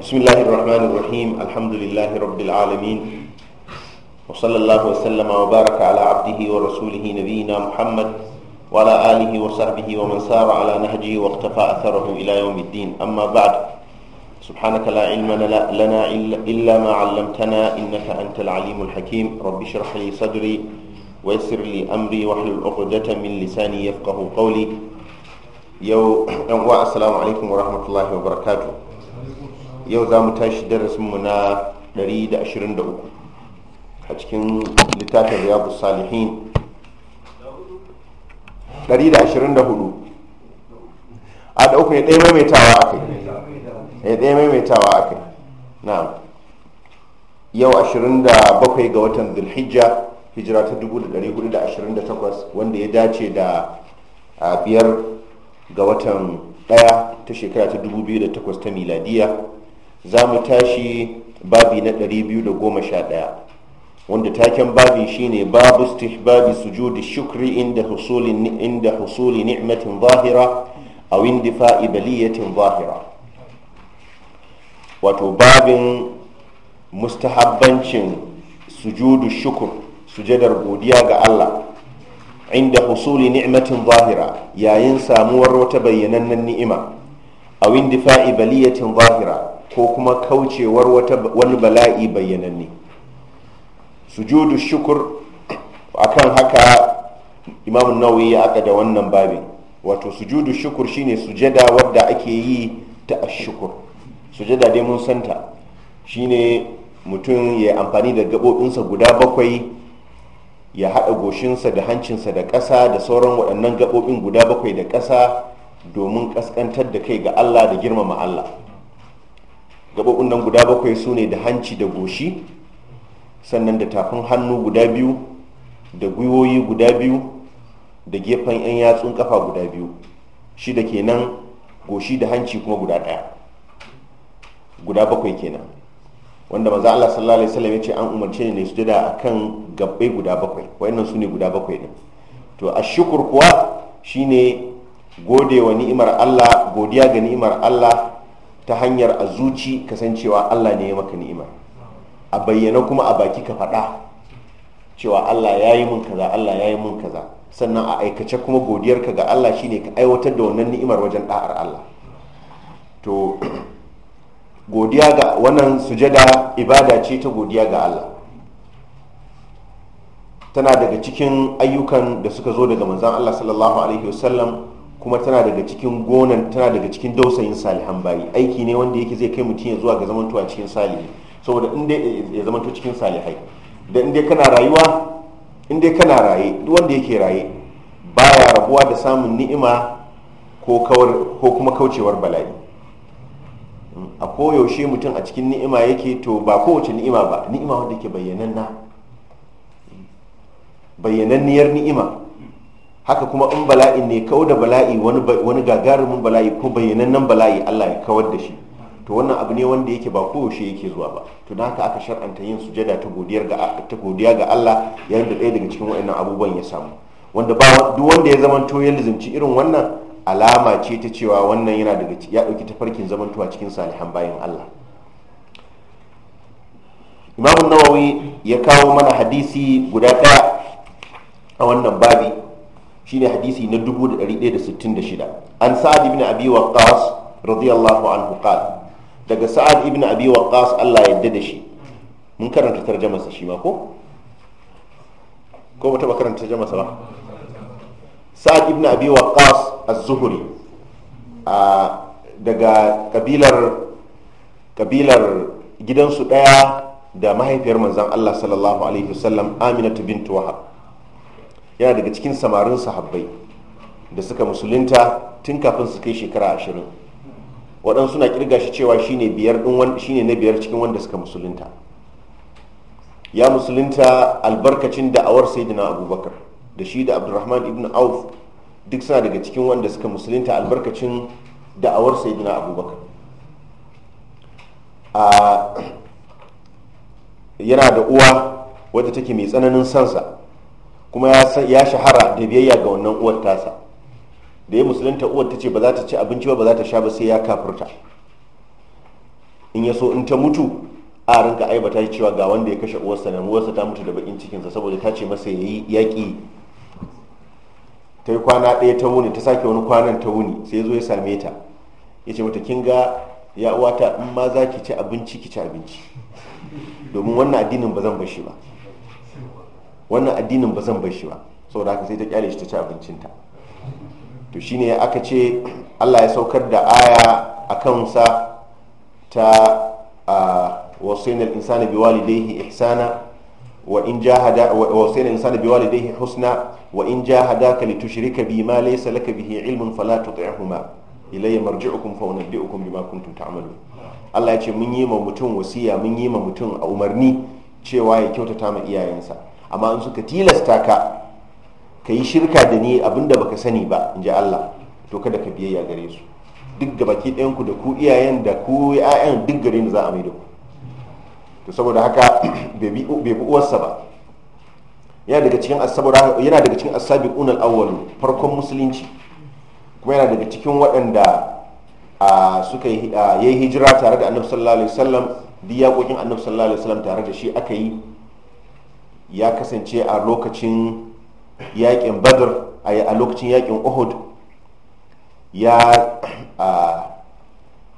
بسم الله الرحمن الرحيم الحمد لله رب العالمين وصلى الله وسلم وبارك على عبده ورسوله نبينا محمد وعلى آله وصحبه ومن سار على نهجه واقتفى أثره إلى يوم الدين أما بعد سبحانك لا علم لنا إلا ما علمتنا إنك أنت العليم الحكيم رب اشرح لي صدري ويسر لي أمري واحلل عقدة من لساني يفقه قولي يو السلام عليكم ورحمة الله وبركاته يو ذا متاش درس منا دريد أشرين دعوكم حتكين لتاتي رياض الصالحين 124 a da uku ya ɗaya maimaitawa a kai ya ɗaya maimaitawa a kai na yau 27 ga watan dulhijja hijira ta 1428 wanda ya dace da biyar ga watan ɗaya ta shekara ta 2008 ta miladiya za mu tashi babi na 211 wanda taken babin shine babu istihbabi sujudi shukri inda husuli inda husuli ni'matin zahira aw indifa'i baliyatin zahira wato babin mustahabbancin sujudu shukr sujadar godiya ga Allah inda husuli ni'matin zahira yayin samuwar wata bayyanannen ni'ima aw indifa'i baliyatin zahira ko kuma kaucewar wani bala'i bayyananne sujudu shukur akan haka imamun nawawi ya aka da wannan babin wato sujudu shukur shine sujada wadda ake yi ta ashukur sujada dai mun santa shine mutum ya amfani da gaɓoɓinsa guda bakwai ya haɗa goshinsa da hancinsa da ƙasa da sauran waɗannan gaɓoɓin guda bakwai da ƙasa domin ƙasƙantar da kai ga allah da girmama allah gaɓoɓin nan guda bakwai su ne da hanci da goshi sannan da tafin hannu guda biyu da gwiwoyi guda biyu da gefen 'yan yatsun kafa guda biyu shi da kenan goshi da hanci kuma guda ɗaya guda bakwai kenan wanda maza Allah sallallahu alaihi wasallam ya ce an umarce ne su jada akan kan gabbai guda bakwai wayannan su ne guda bakwai ne to a shukur kuwa shine gode wa ni'imar Allah godiya ga ni'imar Allah ta hanyar a zuci kasancewa Allah ne ya maka ni'imar a bayyana kuma a baki ka faɗa cewa Allah ya yi mun kaza Allah ya yi mun kaza sannan a aikace kuma godiyarka ga Allah shine ka aiwatar da wannan ni'imar wajen da'ar Allah to godiya ga wannan sujada ibada ce ta godiya ga Allah tana daga cikin ayyukan da suka zo daga manzon Allah sallallahu alaihi wasallam kuma tana daga cikin gonan tana daga cikin dausayin salihan bayi aiki ne wanda yake zai kai mutum ya zuwa ga zamantuwa cikin salihi saboda in dai eh, ya zama to cikin salihai da in kana rayuwa in kana raye duk wanda yake raye baya rabuwa da samun ni'ima ko ko kuma kaucewar bala'i hmm, a koyaushe mutum a cikin ni'ima yake to ba kowace ni'ima ba ni'ima wanda yake bayyananna bayyananniyar ni'ima haka kuma in bala'i ne kawo da bala'i wani gagarumin bala'i ko bayyanannen bala'i allah ya kawar da shi to wannan abu ne wanda yake ba koyaushe yake zuwa ba to da haka aka shar'anta yin sujada ta godiya ga ta godiya ga Allah yayin da ɗaya daga cikin waɗannan abubuwan ya samu wanda ba duk wanda ya zamanto ya lizimci irin wannan alama ce ta cewa wannan yana daga ya ɗauki tafarkin zamantowa cikin salihan bayan Allah Imam Nawawi ya kawo mana hadisi guda ɗaya a wannan babi shine hadisi na 1166 an sa'ad ibn abi waqqas radiyallahu anhu qala daga sa'ad ibn abi waqqas Allah ya da shi mun karanta tarjamarsa shi ma ko ko ba taba karanta tarjamarsa ba sa'ad ibn abi waqqas az-zuhri a daga kabilar kabilar gidansu daya da mahaifiyar manzon Allah sallallahu alaihi wasallam Aminatu bintu Wahab yana daga cikin samarin sahabbai da suka musulunta tun kafin su kai shekara ashirin waɗansu na kirga shi cewa shi ne na biyar cikin wanda suka musulunta ya musulunta albarkacin da'awar sayyidina abubakar da shi da abdurrahman ibn auf duk suna daga cikin wanda suka musulunta albarkacin da'awar sayyidina abubakar yana da uwa wadda take mai tsananin sansa kuma ya shahara da biyayya ga wannan uwar tasa da ya musulunta uwar ta ce ba za ta ci abinci ba ba za ta sha ba sai ya kafurta in ya so in ta mutu a rinka aibata cewa ga wanda ya kashe uwarsa na uwarsa ta mutu da bakin cikinsa saboda ta ce masa ya yi yaƙi ta yi kwana ɗaya ta wuni ta sake wani kwanan ta wuni sai ya zo ya same ta ya ce mata kin ga ya uwata in ma za ki ci abinci ki ci abinci domin wannan addinin ba zan bar shi ba wannan addinin ba zan bar shi ba saboda haka sai ta kyale shi ta ci abincinta to shine aka ce Allah ya saukar da aya a kansa ta wasaina biwali da biwalidayhi ihsana wa in jahada wasaina al-insana biwalidayhi husna wa in jahadaka litushrika bi ma laysa laka bihi ilmun fala tuti'huma ilayya marji'ukum fa unabbi'ukum bima kuntum ta'malun Allah ya ce mun yi ma mutum wasiya mun yi ma mutum a umarni cewa ya kyautata ma iyayensa amma in suka tilasta ka ka yi shirka da ni abinda baka sani ba in ji Allah to kada ka biyayya gare su duk ga baki ɗayan ku da ku iyayen da ku ya'yan duk gare ni za a mai da ku to saboda haka bai bi uwarsa ba yana daga cikin asabar yana daga cikin asabiqun al-awwal farkon musulunci kuma yana daga cikin waɗanda suka yi hijira tare da annabi sallallahu alaihi wasallam duk yaƙoƙin annabi sallallahu alaihi wasallam tare da shi aka yi ya kasance a lokacin yakin badr a lokacin yakin uhud ya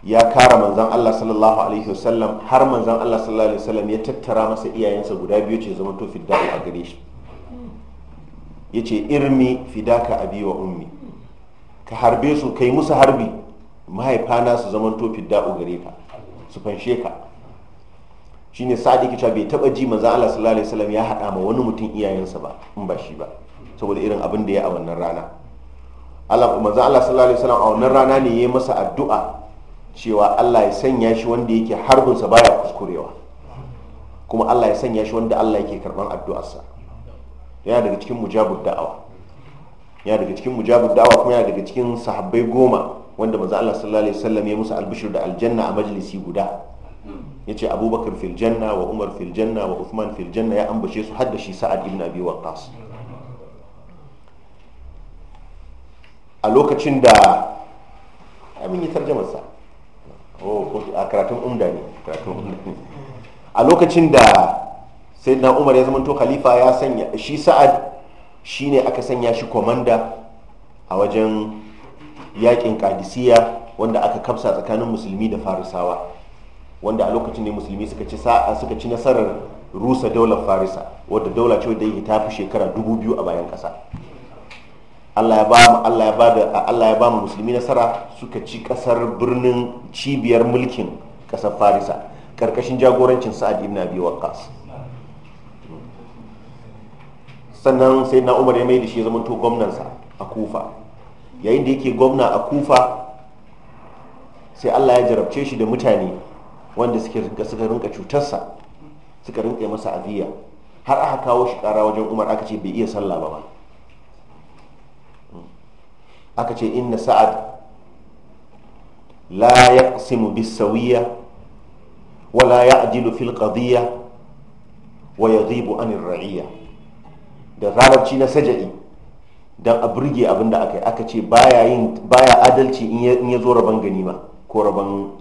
kara manzan allah sallallahu alaihi wasallam har manzan allah sallallahu alaihi wasallam ya tattara masa iyayensa guda biyu ce zama to fidda a gare shi ya ce irmi fidaka abi wa ummi ka harbe su kai musu harbi mahaifana su zama to a gare ka su fanshe ka shine sa'adi ta bai taba ji manzan allah sallallahu alaihi wasallam ya haɗa ma wani mutum iyayensa ba in ba shi ba saboda irin abin da ya a wannan rana Allah manzo Allah sallallahu alaihi wasallam a wannan rana ne yayi masa addu'a cewa Allah ya sanya shi wanda yake harbinsa baya kuskurewa kuma Allah ya sanya shi wanda Allah yake karban addu'arsa yana daga cikin mujabud da'awa yana daga cikin mujabud da'awa kuma yana daga cikin sahabbai goma wanda manzo Allah sallallahu alaihi wasallam ya musu albishir da aljanna a majalisi guda yace Abubakar fil janna wa Umar fil janna wa Uthman fil janna ya ambace su har da shi Sa'ad ibn Abi Waqqas a lokacin da amin yi tarjamarsa oh, a karatun umda ne a lokacin da sai na umar ya zamanto khalifa ya sanya shi sa'ad shi ne aka sanya shi komanda a wajen yakin kadisiya wanda aka kafsa tsakanin musulmi da farisawa wanda a lokacin ne musulmi suka ci suka ci nasarar rusa daular farisa wadda daula ce wadda ta fi shekara dubu biyu a bayan ƙasa Allah ya ba mu Allah ya ba mu musulmi nasara suka ci kasar birnin cibiyar mulkin kasar Farisa karkashin jagorancin Sa'ad ibn Abi Waqqas sannan sai na Umar ya mai da shi ya zamanta gwamnan sa a Kufa yayin da yake gwamna a Kufa sai Allah ya jarabce shi da mutane wanda suke suka rinka cutarsa suka rinka masa adiya har aka kawo shi kara wajen Umar aka ce bai iya sallah ba ba aka ce inna sa'ad la yaqsimu bisawiya wa la ya'dilu fil qadiyya wa yadhibu ar ra'iyya da larabci na saja'i dan a burge abin da aka yi aka ce baya yin baya adalci in ya zo rabon ganima ko rabon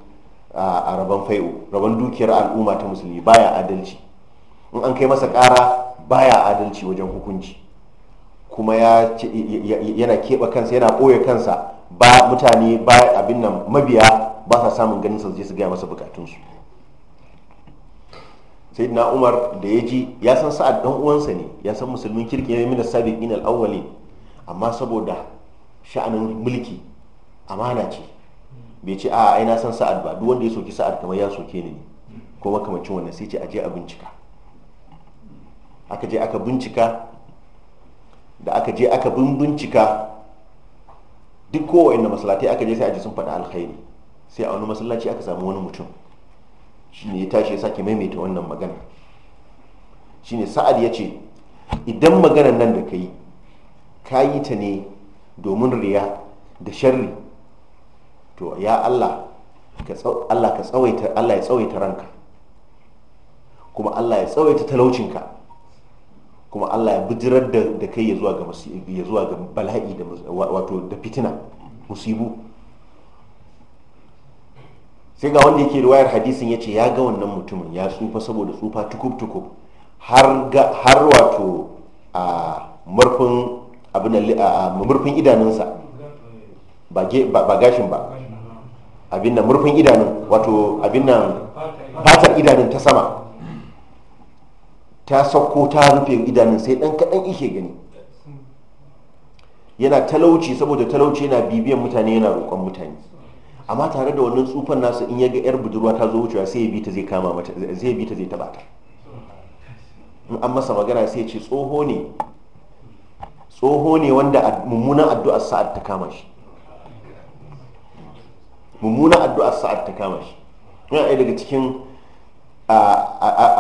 a rabon fai'u rabon dukiyar al'umma ta musulmi baya adalci in an kai masa ƙara baya adalci wajen hukunci kuma yana keɓe kansa yana ɓoye kansa ba mutane ba abin nan mabiya ba sa samun ganin sa je su gaya masa bukatunsu sai na umar da ya ji ya san sa'ad dan uwansa ne ya san musulmin kirki ya mina sabi al-awwali amma saboda sha'anin mulki amana ce bai ce a ai na san sa'ad ba duk wanda ya soki sa'ad kamar ya soke ni ne ko makamacin wannan sai ce aje a bincika aka je aka bincika da aka je aka bincika duk kowanne masalatai aka je sai ji sun faɗa alkhairi sai a wani masallaci aka samu wani mutum shine ya tashi ya sake maimaita wannan magana shine sa'ad ya ce idan maganan nan da ka yi ka yi ta ne domin riya da sharri to ya Allah Allah ya tsawaita ranka kuma Allah ya tsawaita talaucinka kuma Allah ya bijirar da kai ya zuwa ga ya zuwa ga bala'i da wato da fitina musibu sai ga wanda yake riwayar hadisin ya ce ya ga wannan mutumin ya tsufa saboda tsufa tukub tukub har wato a murfin abin da murfin idanunsa ba gashin ba abin da murfin idanun wato abin nan fatar idanun ta sama ta sauko ta rufe idanun sai dan kaɗan ishe gani yana talauci saboda talauci yana bibiyan mutane yana roƙon mutane amma tare da wannan tsufan nasu in ya ga yar budurwa ta zo wucewa sai ya bi ta zai kama mata zai bi ta zai taba ta in an masa magana sai ya ce tsoho ne tsoho ne wanda mummunan addu'a sa'ad ta kama shi mummunan addu'ar sa'ad ta kama shi yana ɗaya daga cikin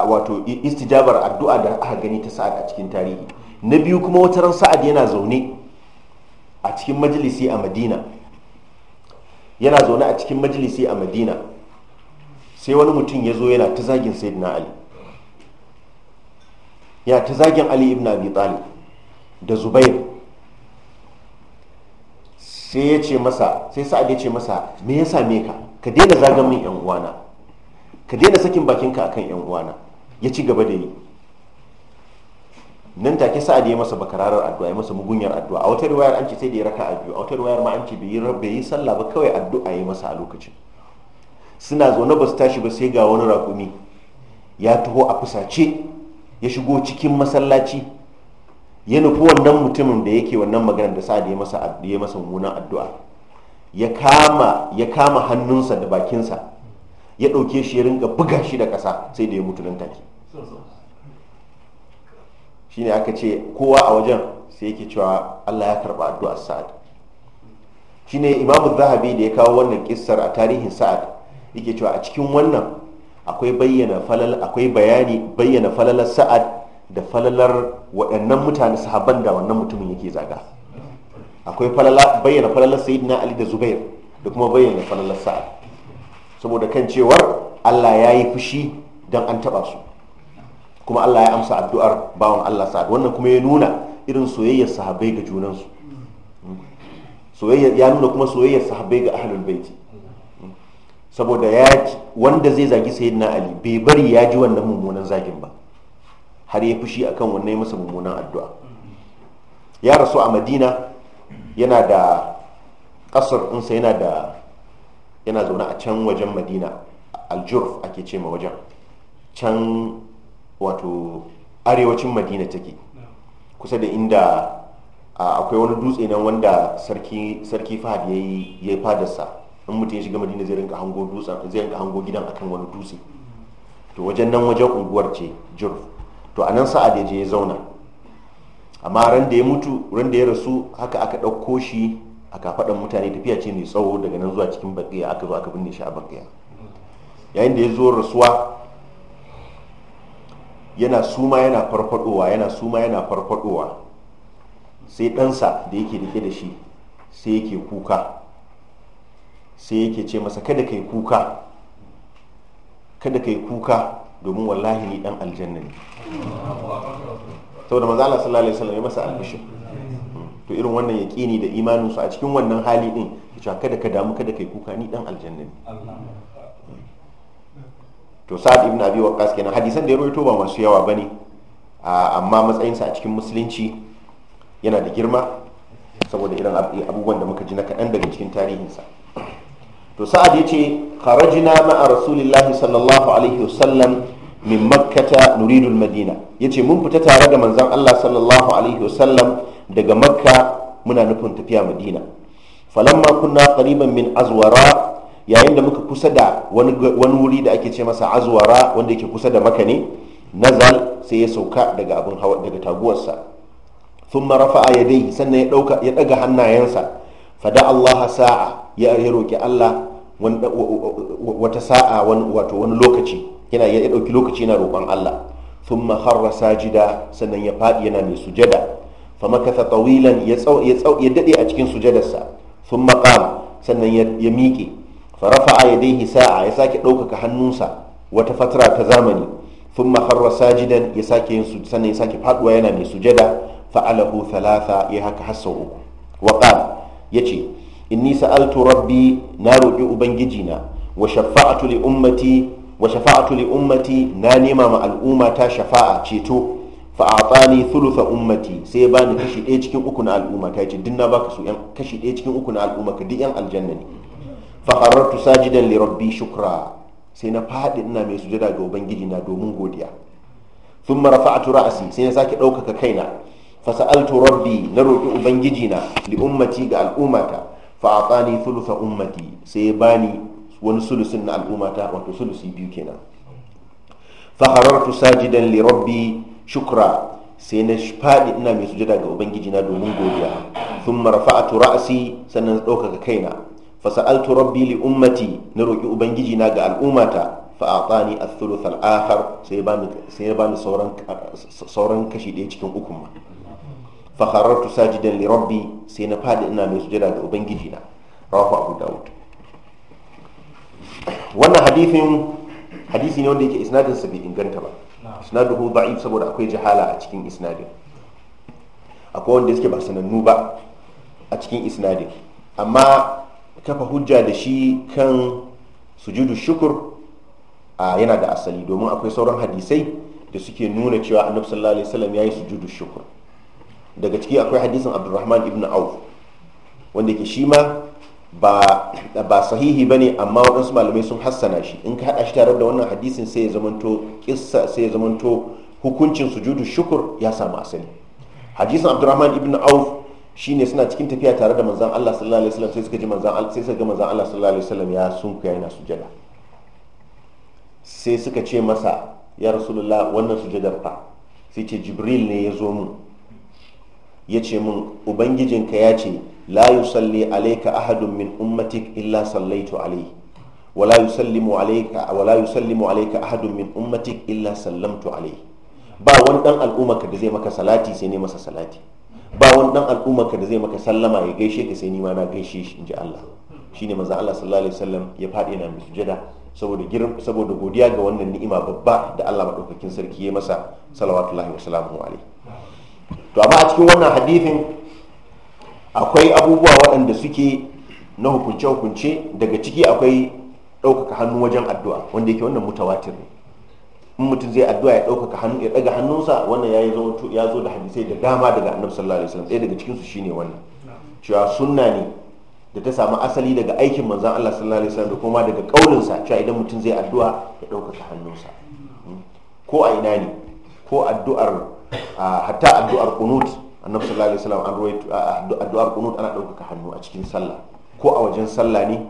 wato istijabar addu'a da aka gani ta sa'ad a cikin tarihi na biyu kuma wata ran sa'ad yana zaune a cikin majalisi a madina yana zaune a cikin majalisi a madina sai wani mutum ya zo yana ta zagin sayyidina ali ya ta zagin ali ibn abi talib da zubair sai ya ce masa sai sa'ad ya ce masa me ya same ka ka daina zagan min yan uwana ka daina sakin bakinka akan yan uwana ya ci gaba da yi nan take sa'ad ya masa bakararar addu'a ya masa mugunyar addu'a a wata riwayar an ce sai da ya raka a biyu a wata riwayar ma an ce bai yi sallah ba kawai addu'a ya masa a lokacin suna zaune ba su tashi ba sai ga wani rakumi ya taho a fusace ya shigo cikin masallaci ya nufi wannan mutumin da yake wannan maganar da sa'ad ya masa ya masa mummunan addu'a ya kama ya kama hannunsa da bakinsa ya ɗauke shi ya ringa buga shi da ƙasa sai da ya mutu nan take shine aka ce kowa a wajen sai yake cewa Allah ya karɓa addu'a Sa'ad shi ne imamu Zahabi da ya kawo wannan kissar a tarihin Sa'ad yake cewa a cikin wannan akwai bayyana falal akwai bayani bayyana falalar Sa'ad da falalar waɗannan mutane sahaban da wannan mutumin yake zaga akwai bayyana falalar Sayyidina Ali da Zubair da kuma bayyana falalar Sa'ad saboda kan cewar Allah ya yi fushi don an taɓa su kuma Allah ya amsa addu'ar bawan Allah sa'ad wannan kuma ya nuna irin soyayyar sahabbai ga junansu ya nuna kuma soyayyar sahabbai ga ahlul baiti saboda ya wanda zai zagi sayyidina ali bai bari ya ji wannan mummunan zagin ba har ya fushi akan wannan masa mummunan addu'a ya rasu a madina yana da kasar insa yana da yana zaune a can wajen madina aljurf ake ce ma wajen can wato arewacin madina take kusa da inda akwai wani dutse nan wanda sarki fahad ya yi fadarsa in mutum ya shiga madina zai rinka hango dutsen zai rinka hango gidan akan wani dutse to wajen nan wajen unguwar ce jurf to a nan sa'a ya je ya zauna amma ran da ya mutu ran da ya rasu haka aka ɗauko shi a kafaɗan mutane tafiya ce mai tsawo daga nan zuwa cikin bakiya aka zo aka binne shi a bakiya yayin da ya zo rasuwa yana suma yana farfadowa yana suma yana farfadowa sai ɗansa da yake rike da shi sai yake kuka sai yake ce masa kada ka yi kuka kada ka yi kuka domin wallahi ni ɗan aljanna ne saboda manzo Allah sallallahu alaihi wasallam ya masa albishir to irin wannan ya yaƙini da su a cikin wannan hali din cewa kada ka damu kada kai kuka ni dan aljanna ne to sa'ad ibn abi waqqas kenan hadisan da ya rawaito ba masu yawa bane amma matsayinsa a cikin musulunci yana da girma saboda irin abubuwan da muka ji na kaɗan daga cikin tarihinsa to sa'ad ya ce kharajna ma'a rasulillahi sallallahu alaihi wasallam min makkata nuridul madina yace mun fita tare da manzon allah sallallahu alaihi wasallam daga makka muna nufin tafiya madina falamma kunna qariban min azwara yayin da muka kusa da wani wuri da ake ce masa azwara wanda yake kusa da maka ne nazal sai ya sauka daga abin hawa daga taguwarsa thumma rafa'a yadayhi sannan ya ɗaga daga hannayensa fada Allah sa'a ya roƙi Allah wata sa'a wato wani lokaci yana ya ɗauki lokaci na roƙon Allah sun kharra sajida sannan ya faɗi yana mai sujada famakatha tawilan ya daɗe a cikin sujadarsa sun maƙam sannan ya miƙe farafa'a ya dai sa'a ya sake ɗaukaka hannunsa wata fatara ta zamani sun makarwa sajidan ya sake yin sannan ya sake faɗuwa yana mai sujada fa'alahu thalatha ya haka hassa uku waƙal ya ce inni sa'altu rabbi na roƙi ubangijina wa shafa'atu li ummati wa shafa'atu li ummati na nema ma al'umma ta shafa'a ceto Fa fa'atani thulutha ummati sai ba bani kashi ɗaya cikin uku na al'umma ta ce dinna baka su yan kashi ɗaya cikin uku na al'umma ka duk yan aljanna ne fa qarrartu sajidan li rabbi shukra sai na fadi ina mai sujada ga ubangiji na domin godiya thumma rafa'tu ra'si sai na sake ɗaukaka kaina fa sa'altu rabbi na roki ubangiji na li ummati ga al'ummata fa atani thulutha ummati sai ba bani wani sulusin na al'ummata wato sulusi biyu kenan fa qarrartu sajidan li rabbi shukra sai na faɗi ina mai sujada ga ubangiji na domin godiya sun marfa'atu ra'asi sannan ɗaukaka kaina fasa'altu rabbi li ummati na roƙi ubangiji na ga al'ummata fa atani tsani a al-akhar sai bani sai bani sauran sauran kashi ɗaya cikin uku ma fa kharartu sajidan li rabbi sai na faɗi ina mai sujada ga ubangiji na rawahu abu daud wannan hadisi ne wanda yake isnadin sa bai inganta ba isnaduhu da'if saboda akwai jahala a cikin isnadin akwai wanda suke ba sanannu ba a cikin isnadin amma kafa hujja da shi kan sujudu shukur yana da asali domin akwai sauran hadisai da suke nuna cewa annabi sallallahu alaihi wasallam yayi sujudu shukur daga ciki akwai hadisin abdurrahman ibn auf wanda ke shi ma ba sahihi bane amma waɗansu malamai sun hassana shi in ka haɗa shi tare da wannan hadisin sai ya zamanto kissa sai ya zamanto hukuncin sujudu shukur ya samu asali hadisin abdurrahman ibn auf shine suna cikin tafiya tare da manzan Allah sallallahu alaihi wasallam sai suka ji manzan Allah sai suka ga manzan Allah sallallahu alaihi wasallam ya sunkuya yana sujada sai suka ce masa ya rasulullah wannan sujadar fa sai ce jibril ne ya zo mu. ya ce min ubangijinka ya ce la yusalli alayka ahadun min ummatik illa sallaitu alayhi wala yusallimu alayka wala yusallimu alayka ahadun min ummatik illa sallamtu alayhi ba wani dan al'ummarka da zai maka salati sai ne masa salati ba wani dan al'ummarka da zai maka sallama ya gaishe ka sai ni ma na gaishe shi inji Allah shine manzo Allah sallallahu alaihi wasallam ya faɗi na mai saboda girm saboda godiya ga wannan ni'ima babba da Allah madaukakin sarki ya masa salawatullahi wa salamuhu alaihi to amma a cikin wannan hadithin akwai abubuwa waɗanda suke na hukunce-hukunce daga ciki akwai ɗaukaka hannu wajen addu'a wanda yake wannan mutawatir ne in mutum zai addu'a ya ɗaukaka hannu ya ɗaga hannunsa wannan ya zo da hadisai da dama daga annabi sallallahu alaihi wasallam ɗaya daga cikinsu shine wannan cewa sunna ne da ta samu asali daga aikin manzan Allah sallallahu alaihi wasallam da kuma daga kaulinsa cewa idan mutum zai addu'a ya ɗaukaka hannunsa hmm. ko a ina ne ko addu'ar Ah, hatta addu'ar qunut annabi sallallahu alaihi wasallam an ruwaito ah, ah, addu'ar qunut ana ɗaukaka hannu a cikin sallah ko a wajen sallah ne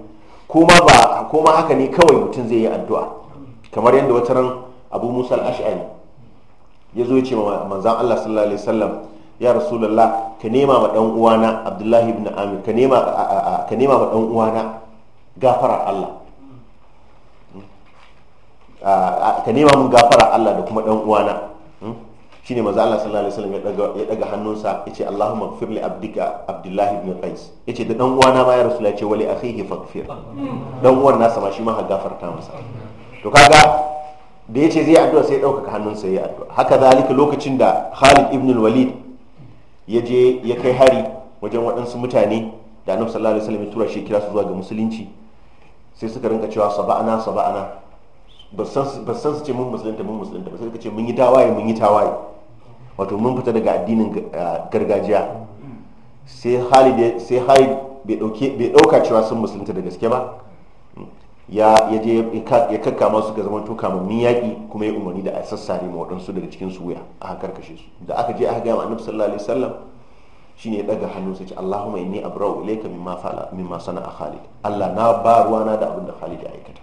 ko ma ba ko ma haka ne kawai mutum zai yi addu'a kamar yadda wata ran abu musa al-ash'ari ya zo ya ce manzon Allah sallallahu alaihi wasallam ya rasulullah ka nema ma dan uwana abdullahi ibn amir ka nema ka nema ma dan uwana gafarar Allah ka nema mun gafarar Allah da kuma dan uwana shine manzo Allah sallallahu alaihi wasallam ya daga ya hannunsa yace Allahumma ighfir li abdika Abdullah ibn Qais yace da dan uwana ma ya wale yace wali akhihi faghfir dan uwan nasa ma shi ma ha gafarta masa to kaga da ya ce zai addu'a sai ya dauka hannunsa yayi addu'a haka zalika lokacin da Khalid ibn Walid ya je ya kai hari wajen waɗansu mutane da Annabi sallallahu alaihi wasallam ya tura shi kira su zuwa ga musulunci sai suka rinka cewa saba'ana saba'ana ba san su ce mun musulunta mun musulunta ba sai ce mun yi tawaye mun yi tawaye wato mun fita daga addinin gargajiya sai hali sai halid bai dauke bai dauka cewa sun musulunta da gaske ba ya ya je ya kakkama su ga zaman to kamammin yaki kuma ya umarni da a sassare ma waɗansu daga cikin su wuya aka karkashe su da aka je aka ga annabi sallallahu alaihi wasallam shine ya daga hannu sai ce Allahumma inni abra'u ilayka mimma fa'ala mimma sana'a Khalid Allah na ba ruwana da abin da Khalid ya aikata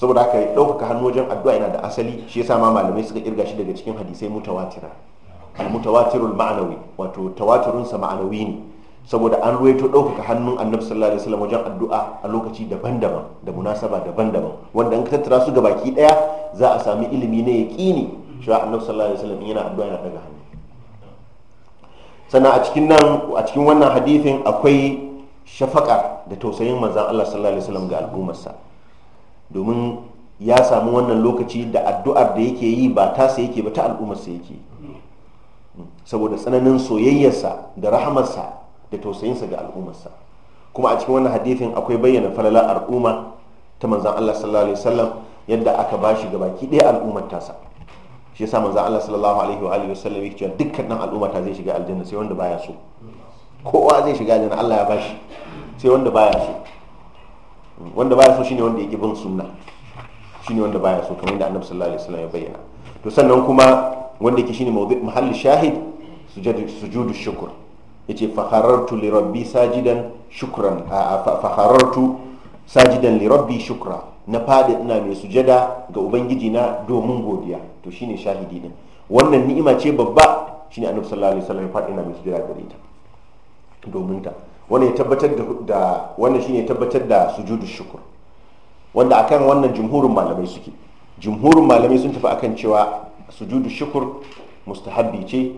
saboda haka ɗaukaka hannu wajen addu'a yana da asali shi yasa ma malamai suka kirga shi daga cikin hadisai mutawatira al-mutawatirul ma'anawi wato tawaturun sa ma'anawi ne saboda an ruwaito ɗaukaka hannun annabi sallallahu alaihi wasallam wajen addu'a a lokaci daban-daban da munasaba daban-daban wanda in ka tattara su baki daya za a sami ilimi na yaqini cewa annabi sallallahu alaihi wasallam yana addu'a yana daga hannu sannan a cikin nan a cikin wannan hadisin akwai shafaka da tausayin manzon Allah sallallahu alaihi wasallam ga al'ummarsa domin ya samu wannan lokaci da addu'ar da yake yi ba tasa yake ba ta al'ummarsa yake mm. saboda tsananin soyayyarsa da rahamarsa da tausayinsa ga al'ummarsa kuma a cikin wannan hadithin akwai bayyana falalar al'umma ta manzan Allah sallallahu alaihi wasallam yadda aka bashi ga baki ɗaya al'ummar tasa shi yasa manzan Allah sallallahu alaihi wa alihi wasallam yake cewa dukkanin al'umma ta zai shiga aljanna sai wanda baya so kowa zai shiga aljanna Allah ya bashi sai wanda baya so wanda baya so shine wanda yake bin sunna shine wanda baya so kamar da annabi sallallahu alaihi wasallam ya bayyana to sannan kuma wanda yake shine mawdu' mahalli shahid sujudu shukr yace fa harartu li rabbi sajidan shukran fa harartu sajidan li rabbi shukra na fadi ina mai sujada ga ubangiji na domin godiya to shine shahidi din wannan ni'ima ce babba shine annabi sallallahu alaihi wasallam ya fadi ina mai sujada gare ta domin ta wannan ya tabbatar da wannan shine tabbatar da sujudu shukr wanda akan wannan jumhurin malamai suke jumhurin malamai sun tafi akan cewa sujudu shukr mustahabbi ce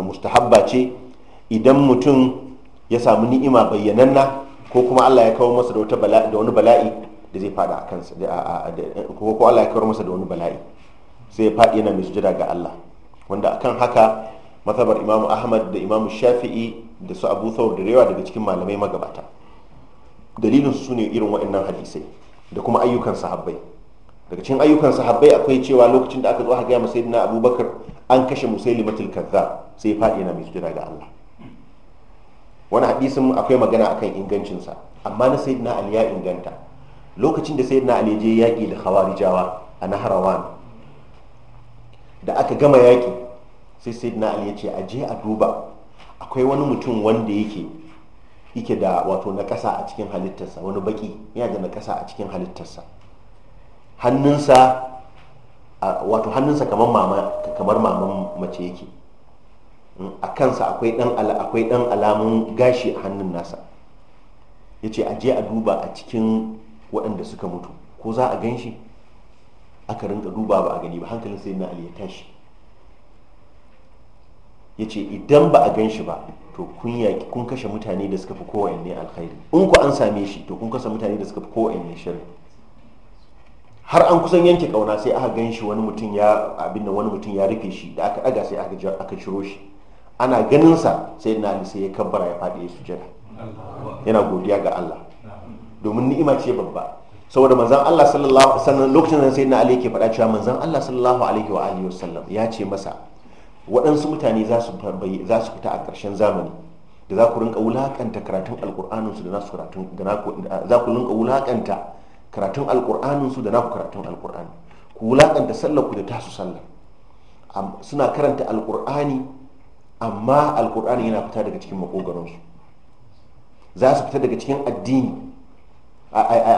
mustahabba ce idan mutum ya samu ni'ima bayyananna ko kuma Allah ya kawo masa da wani bala'i da zai fada a kansa ko Allah ya kawo masa da wani bala'i sai ya faɗi yana mai sujada ga Allah wanda akan haka mazhabar imamu ahmad da imamu shafi'i da su abu thawar da rewa daga cikin malamai magabata dalilin su ne irin waɗannan hadisai da kuma ayyukan sahabbai daga cikin ayyukan sahabbai akwai cewa lokacin da aka zo ya gaya musayyidina abubakar an kashe musailimatul kaza sai faɗi yana mai kira ga Allah wani hadisin akwai magana akan ingancinsa amma na na ali ya inganta lokacin da na ali je yaƙi da Rijawa a naharawan da aka gama yaƙi sai sayyidina ali ya ce a je a duba akwai wani mutum wanda yake yake da wato na ƙasa a cikin halittarsa wani baki yana da na ƙasa a cikin halittarsa hannunsa wato hannunsa kamar mama kamar maman mace yake hmm, a kansa akwai dan akwai dan alamun gashi a hannun nasa yace a je a duba a cikin waɗanda suka mutu ko za a gan shi aka rinka duba ba a gani ba hankalin sayyidina ali ya tashi ya ce idan ba a gan shi ba to kun yaki kun kashe mutane da suka fi kowanne alkhairi in ku an same shi to kun kasa mutane da suka fi kowanne shirin har an kusan yanke kauna sai aka gan shi wani mutum ya abin da wani mutum ya rufe shi da aka daga sai aka ciro shi ana ganin sa sai na ali sai ya kabbara ya faɗi ya sujada yana godiya ga Allah domin ni'ima ce babba saboda manzon Allah sallallahu alaihi wasallam lokacin da sai na ali yake faɗa cewa manzon Allah sallallahu alaihi wa alihi wasallam ya ce masa waɗansu mutane za su fita a ƙarshen zamani da za ku rinka wulaƙanta karatun alƙur'aninsu da nasu karatun da za ku rinka wulaƙanta karatun alƙur'aninsu da naku karatun alƙur'ani ku wulaƙanta sallar ku da tasu sallar suna karanta alƙur'ani amma alƙur'ani yana fita daga cikin makogaransu za su fita daga cikin addini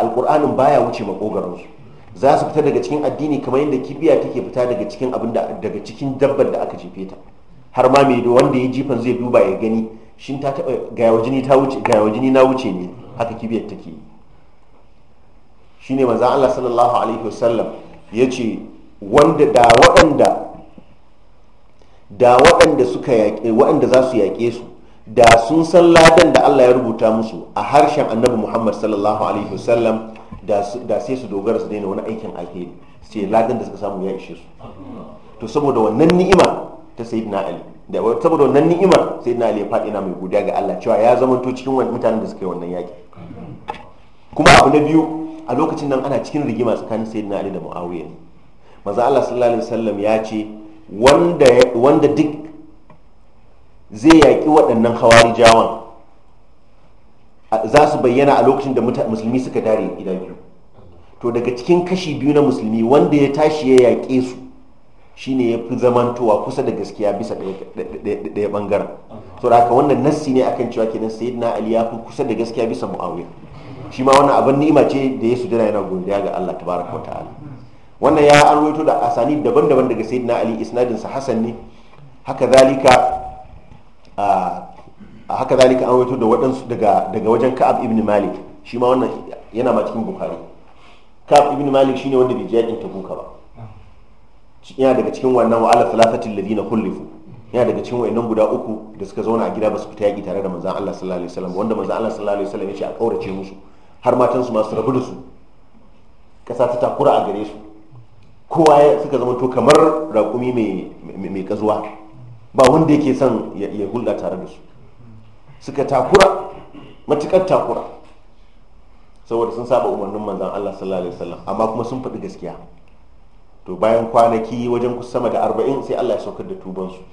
alƙur'anin baya wuce makogaransu za su fita daga cikin addini kamar yadda kibiya take fita daga cikin abin da daga cikin dabbar da aka jefe ta har ma mai da wanda ya jifan zai duba ya gani shin ta taba gaya wajini ta wuce gaya jini na wuce ne haka kibiyar take yi shine manzo Allah sallallahu alaihi wasallam yace wanda da waɗanda da waɗanda suka yaƙe waɗanda za su yaƙe su da sun san ladan da Allah ya rubuta musu a harshen Annabi Muhammad sallallahu alaihi wasallam da sai su dogara su daina wani aikin alheri sai ladan da suka samu ya ishe su to saboda wannan ni'ima ta sayyidina ali saboda wannan ni'ima sayyidina ali ya faɗi na mai godiya ga Allah cewa ya zama to cikin mutanen da suka yi wannan yaki kuma abu na biyu a lokacin nan ana cikin rigima tsakanin sayyidina ali da muawiya manzo Allah sallallahu alaihi wasallam ya ce wanda wanda duk zai yaki waɗannan hawarijawan za su bayyana a lokacin da musulmi suka dare gida biyu to daga cikin kashi biyu na musulmi wanda ya tashi ya yaƙe su shine ya fi zamantowa kusa da gaskiya bisa ɗaya ɓangaren so da haka wannan nassi ne akan cewa kenan na ali ya fi kusa da gaskiya bisa muawiya shi ma wannan abin ni'ima ce da ya sujana yana godiya ga Allah tabaraka wa ta'ala wannan ya ruwaito da asani daban-daban daga sayyidina ali isnadin sa hasan ne haka zalika ah, a haka zalika an wato da waɗansu daga wajen ka'ab ibn malik shi ma wannan yana ma cikin bukari ka'ab ibn malik shine wanda bai je ta kuka ba yana daga cikin wannan wa'ala salafatin ladina kullifu yana daga cikin wayannan guda uku da suka zauna a gida ba su fita yaƙi tare da manzan Allah sallallahu alaihi wasallam wanda manzan Allah sallallahu alaihi wasallam ya ce a ƙaurace musu har matan su masu rabu da su ƙasa ta takura a gare su kowa ya suka zama to kamar raƙumi mai mai kazuwa ba wanda yake son ya hulɗa tare da su suka takura matukar takura saboda sun saba umarnin manzan Allah sallallahu alaihi wasallam amma kuma sun faɗi gaskiya to bayan kwanaki wajen kusa sama da arba'in sai Allah ya saukar da tubansu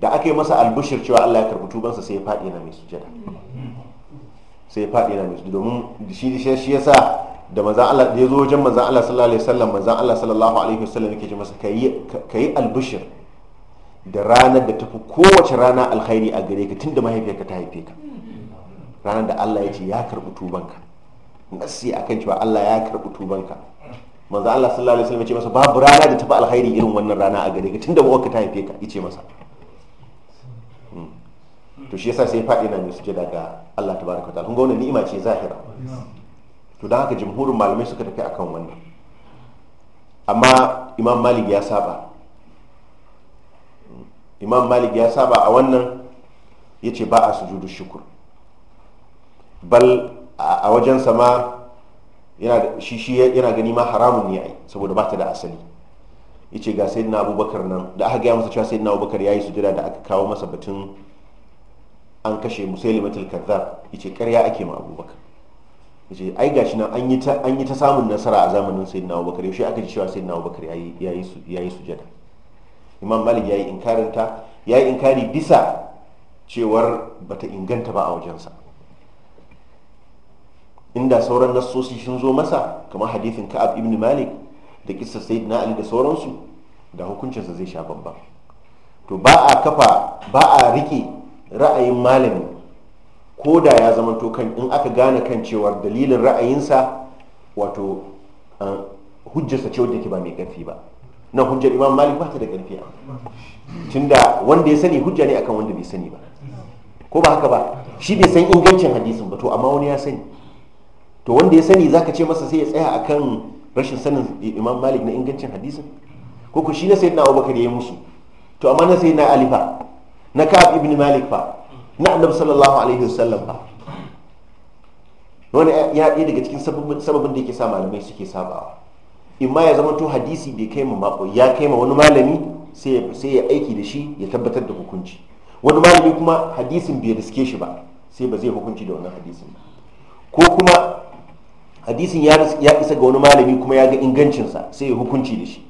da aka yi masa albushir cewa Allah ya karbi tubansa sai ya faɗi na mai sujada sai ya faɗi na mai sujada domin shi shi yasa da manzan Allah da ya zo wajen manzan Allah sallallahu alaihi wasallam manzan Allah sallallahu alaihi wasallam yake ce masa kai kai albushir da ranar da tafi kowace rana alkhairi a gare ka tunda mahaifiyarka ta haife ka ranar da Allah ya ce ya karbi tubanka nasi akan cewa Allah ya karbi tubanka manzo Allah sallallahu alaihi wasallam ya ce masa babu rana da tafi alkhairi irin wannan rana a gare ka tunda mahaifiyarka ta haife ka yace masa hmm. to shi yasa sai ya faɗi na ne sujada daga Allah tabaraka wa ta'ala kun ga wannan ni'ima ce zahira to don haka jumhurin malamai suka tafi akan wannan amma imam malik ya saba imam malik ya saba a wannan ya ce ba a sujudu shukur bal a wajensa ma shi shi yana gani ma haramun ne ai saboda ba ta da asali ya ce ga sayyidina abubakar nan da aka gaya masa cewa sayyidina abubakar ya yi sujuda da aka kawo masa batun an kashe musailimatul kazzab ya ce karya ake ma abubakar ya ce ai gashi nan an yi ta samun nasara a zamanin sayyidina abubakar yaushe aka ji cewa sayyidina abubakar ya yi sujada imam malik ya yi inkarin ta ya yi inkari bisa cewar ba ta inganta ba a wajensa inda sauran nassosi sun zo masa kamar hadithin ka'ab ibn malik da kissa na ali da sauransu da hukuncinsa zai sha babban to ba a kafa ba a rike ra'ayin malami ko da ya zama in aka gane kan cewar dalilin ra'ayinsa wato eh, hujjarsa ce wadda ke ba mai ƙarfi ba na hujjar imam malik ba ta da Tun tunda wanda ya sani hujja ne akan wanda bai sani ba ko ba haka ba shi bai san ingancin hadisin ba to amma wani ya sani to wanda ya sani zaka ce masa sai ya tsaya akan rashin sanin imam malik na ingancin hadisin ko ku shi na na abubakar ya yi musu to amma na na ali fa na ka'ab ibn malik fa na annabi sallallahu alaihi wasallam fa wani ya daga cikin sababin da yake sa malamai suke sabawa imma ya zama to hadisi bai kai ma mako ya kai ma wani malami sai ya aiki da shi ya tabbatar da hukunci wani malami kuma hadisin bai riske shi ba sai ba zai hukunci da wannan hadisin ko kuma hadisin ya isa ga wani malami kuma ya ga ingancinsa sai ya hukunci da shi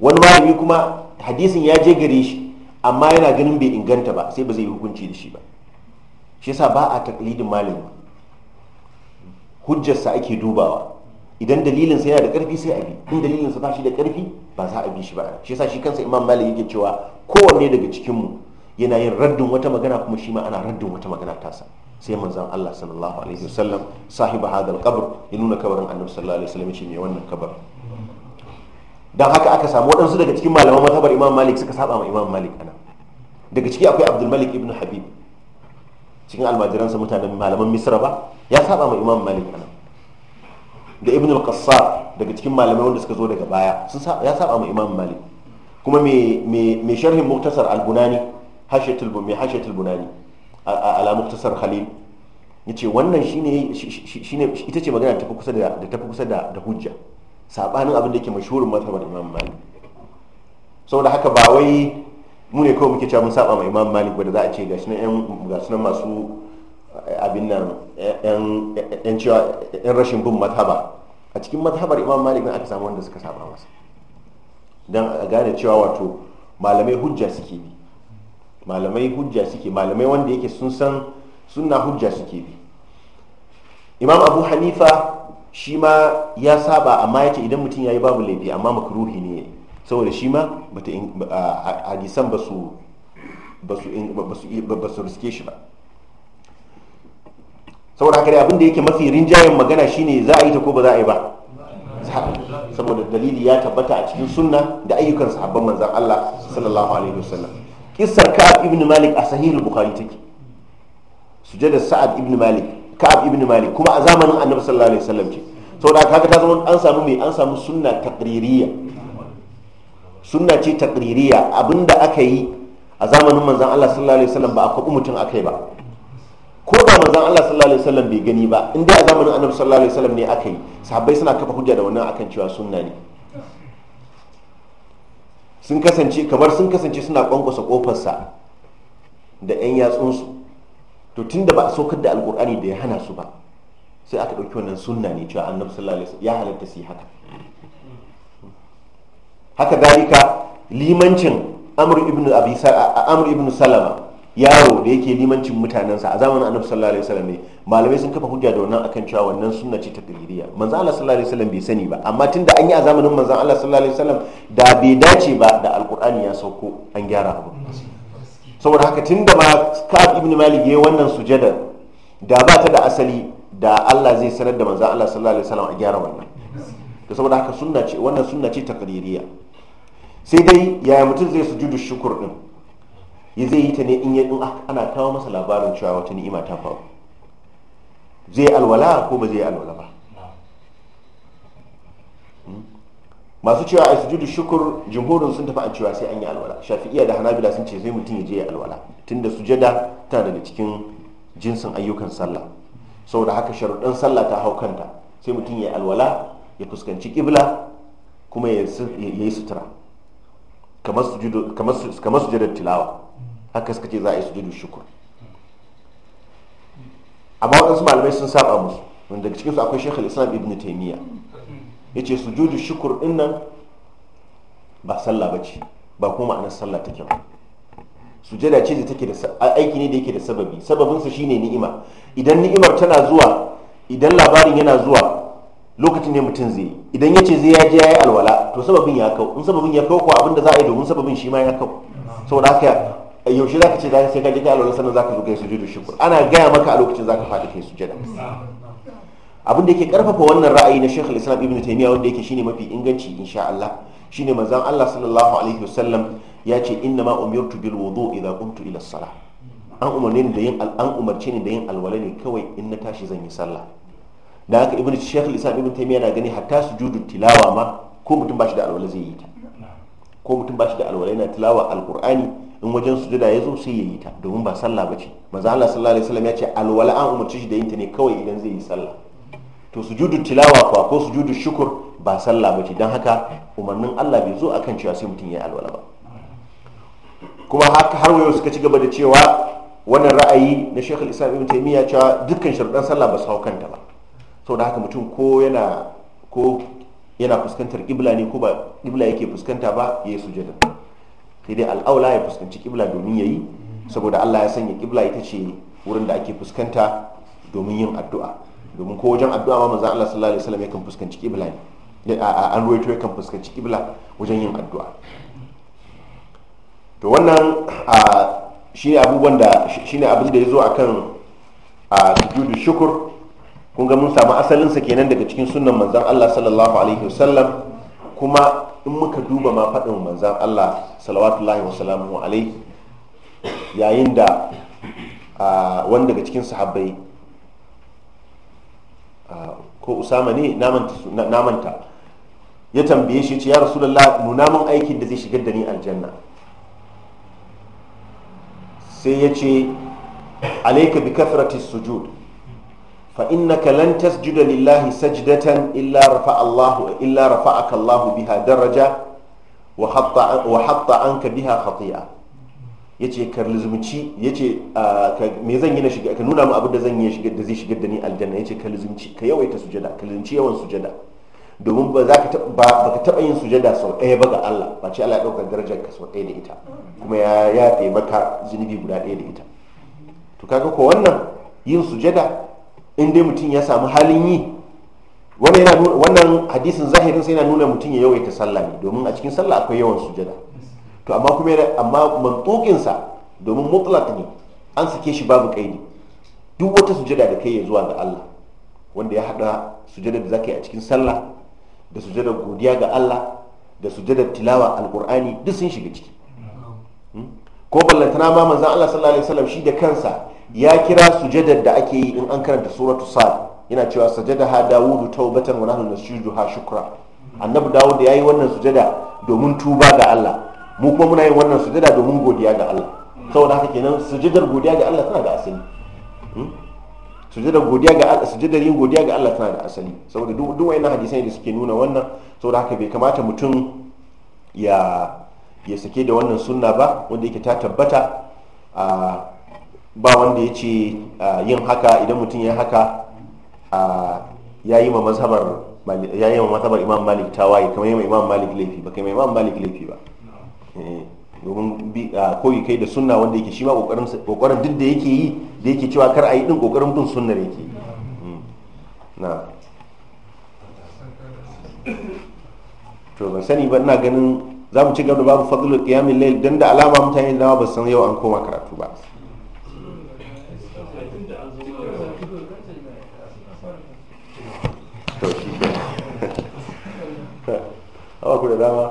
wani malami kuma hadisin ya je gare shi amma yana ganin bai inganta ba sai ba zai hukunci da shi ba shi yasa ba a taklidin malami hujjarsa ake dubawa idan dalilin sa yana da karfi sai a bi in dalilin sa ba shi da karfi ba za a bi shi ba shi yasa shi kansa imam malik yake cewa kowanne daga cikin mu yana yin raddin wata magana kuma shi ma ana raddin wata magana tasa sai manzon Allah sallallahu alaihi wasallam sahiba hadal qabr ya nuna kabarin annabi sallallahu alaihi wasallam shi ne wannan kabar dan haka aka samu waɗansu daga cikin malaman mazhabar imam malik suka saba ma imam malik ana daga ciki akwai abdul malik ibn habib cikin almajiransa mutanen malaman misra ba ya saba ma imam malik ana da ibn al-qassar daga cikin malamai wanda suka zo daga baya ya saba ma imam malik kuma me sharhin muktasar al-bunani hashatul bunani hashatul bunani ala muktasar khalil yace wannan shine shine ita ce magana ta kusa da ta kusa da hujja sabanin abin da yake mashhurin mazhabar imam malik saboda haka ba wai mu ne kawai muke cewa mun saba ma imam malik ba da za a ce ga shi nan masu abin nan yan cewa yan rashin bin mazhaba a cikin mazhabar imam malik aka samu wanda suka saba masa don a gane cewa wato malamai hujja suke bi malamai hujja suke malamai wanda yake sun san sunna hujja suke bi imam abu hanifa shi ma ya saba amma ya ce idan mutum ya yi babu laifi amma makaruhi ne saboda shi ma hadisan ba su riske shi ba saboda haka dai abin da yake mafi rinjayen magana shine za a yi ta ko ba za a yi ba saboda dalili ya tabbata a cikin sunna da ayyukan sahabban manzan Allah sallallahu alaihi wasallam kissar Ka'ab ibn Malik a sahih al-Bukhari take sujada Sa'ad ibn Malik Ka'ab ibn Malik kuma a zamanin Annabi sallallahu alaihi wasallam ce saboda haka ta zama an samu mai an samu sunna taqririyya sunna ce taqririyya abinda aka yi a zamanin manzan Allah sallallahu alaihi wasallam ba a kwabi mutum akai ba ko da manzon Allah sallallahu alaihi wasallam bai gani ba in dai a zamanin annabi sallallahu alaihi wasallam ne aka yi sahabbai suna kafa hujja da wannan akan cewa sunna ne sun kasance kamar sun kasance suna kwankwasa kofarsa da 'yan yatsunsu to tunda ba a saukar da alkur'ani da ya hana su ba sai aka ɗauki wannan sunna ne cewa annabi sallallahu alaihi wasallam ya halatta su haka haka dalika limancin amru ibnu abi amru ibnu salama yaro da yake limancin mutanensa a zamanin annabi sallallahu alaihi wasallam ne malamai sun kafa hujja da wannan akan cewa wannan sunna ce ta qadiriyya manzo Allah sallallahu alaihi wasallam bai sani ba amma tunda an yi a zamanin manzo Allah sallallahu alaihi wasallam da bai dace ba da alqur'ani ya sauko an gyara abu saboda haka tunda ba kaf ibn Malik yayin wannan sujada da ba ta da asali da Allah zai sanar da manzo Allah sallallahu alaihi wasallam a gyara wannan to saboda haka sunna ce wannan sunna ce ta qadiriyya sai dai yaya mutum zai sujudu shukur din ya zai yi ta ne in yi ana kawo masa labarin cewa wata ni'ima ta faru zai alwala ko ba zai alwala ba hmm? masu cewa a sujudu shukur jumhurin sun tafi a cewa sai an yi alwala Shafi'iyya da hanabila sun ce sai mutum ya je ya alwala tunda sujada ta daga cikin jinsin ayyukan sallah saboda haka sharuɗan sallah ta hau kanta sai mutum ya alwala ya fuskanci ƙibla kuma ya yi sutura kamar sujadar tilawa haka suka ce za a yi sujudu shukur amma waɗansu malamai sun saba musu wanda daga cikinsu akwai shekul islam ibn taimiyya ya ce sujudu shukur in nan ba sallah ba ce ba kuma ma'anar sallah ta kyau sujada ce da take da aiki ne da yake da sababi sababinsa shine ni'ima idan ni'imar tana zuwa idan labarin yana zuwa lokacin ne mutum zai yi idan ya ce zai yaje ya yi alwala to sababin ya kau in sababin ya kau ko abin da za a yi domin sababin shi ma ya kau saboda haka yaushe za ka ce sai ka je alwala sannan za ka zo kai sujudu shukr ana gaya maka a lokacin za ka faɗi kai sujada abin da yake karfafa wannan ra'ayi na Sheikh Islam Ibn Taymiyyah wanda yake shine mafi inganci insha Allah shine manzon Allah sallallahu alaihi wasallam ya ce inna ma umirtu bil wudu idza qumtu ila salah an umarce da yin an umarce ni da yin alwala ne kawai in na tashi zan yi sallah da haka ibnu shaykh al-islam ibnu taymiya na gani hatta sujudu tilawa ma ko mutum bashi da alwala zai yi ta ko mutum bashi da alwala yana tilawa alqur'ani in wajen sujada ya zo sai ya yi ta domin ba sallah ba ce manzo Allah sallallahu alaihi wasallam ya ce alwala an umarci shi da yin ta ne kawai idan zai yi sallah to sujudu tilawa kuwa ko sujudu shukur ba sallah ba ce don haka umarnin Allah bai zo akan cewa sai mutum ya yi alwala ba kuma haka har wayo suka ci gaba da cewa wannan ra'ayi na shekul islam ibn taimiyya cewa dukkan sharuɗan sallah ba su hau kanta ba saboda haka mutum ko yana ko yana fuskantar ƙibla ne ko ba ƙibla yake fuskanta ba ya yi sujada sai dai al'aula ya fuskanci kibla domin ya yi saboda Allah ya sanya kibla ita ce wurin da ake fuskanta domin yin addu'a domin ko wajen addu'a ma manzon Allah sallallahu alaihi wasallam yakan fuskanci kibla ne an ruwaito yakan fuskanci kibla wajen yin addu'a to wannan shine abubuwan da shine abin da yazo akan sujudu shukr kun ga mun samu asalinsa kenan daga cikin sunnan manzon Allah sallallahu alaihi wasallam kuma in muka duba ma faɗin manzan Allah salawatullahi wasalamu alaihi yayin da wani daga cikin sahabbai ko usama ne namanta ya tambaye shi ce ya rasulullah nuna min aikin da zai shigar da ni aljanna sai ya ce alaika bi kafirati sujud fa innaka lan tasjuda lillahi sajdatan illa rafa Allah illa rafa'aka biha daraja wa hatta wa hatta anka biha khati'a yace ka lizumci yace me zan yi na shiga ka nuna mu abin da zan yi shiga da zai shigar da ni aljanna yace ka lizumci ka yawaita sujada ka lizumci yawan sujada domin ba za ka baka taba yin sujada sau ɗaya ba ga Allah ba ce Allah ya dauka darajar ka sau ɗaya da ita kuma ya yafe maka zunubi guda ɗaya da ita to kaga ko wannan yin sujada in dai mutum ya samu halin yi wannan hadisin zahirin sai na nuna mutum ya yawaita sallah ne domin a cikin sallah akwai yawan sujada to amma kuma amma mantokinsa domin mutlak ne an sake shi babu kaidi duk wata sujada da kai ya zuwa ga Allah wanda ya hada sujada da zaka yi a cikin sallah da sujada godiya ga Allah da sujada tilawa alqur'ani duk sun shiga ciki hmm? ko ballantana ma manzon Allah sallallahu alaihi wasallam shi da kansa ya kira sujadar da ake yi in an karanta suratu sad yana cewa sajada ha dawudu taubatan wa nahnu nasjudu ha shukra annabi dawud ya yi wannan sujada domin tuba ga Allah mu kuma muna yin wannan sujada domin godiya ga Allah saboda haka kenan sujadar godiya ga Allah tana da asali hmm? sujadar godiya ga Allah sujadar yin godiya ga Allah tana da asali saboda duk duk wayannan hadisai da suke nuna wannan saboda haka bai kamata mutum ya ya sake da wannan sunna ba wanda yake ta tabbata a ba wanda ya ce yin haka idan mutum ya haka ya yi ma mazhabar imam malik waye kamar yi ma imam malik laifi ba kai ma imam malik laifi ba eh, domin koyi kai da sunna wanda yake shi ma kokarin duk da yake yi da yake cewa kar a yi din kokarin bin sunnar yake hmm. na to ban sani ba ina ganin za mu ci gaba da babu fadlul qiyamil layl dan da alama mutane da ba san yau an koma karatu ba hawa ku da dama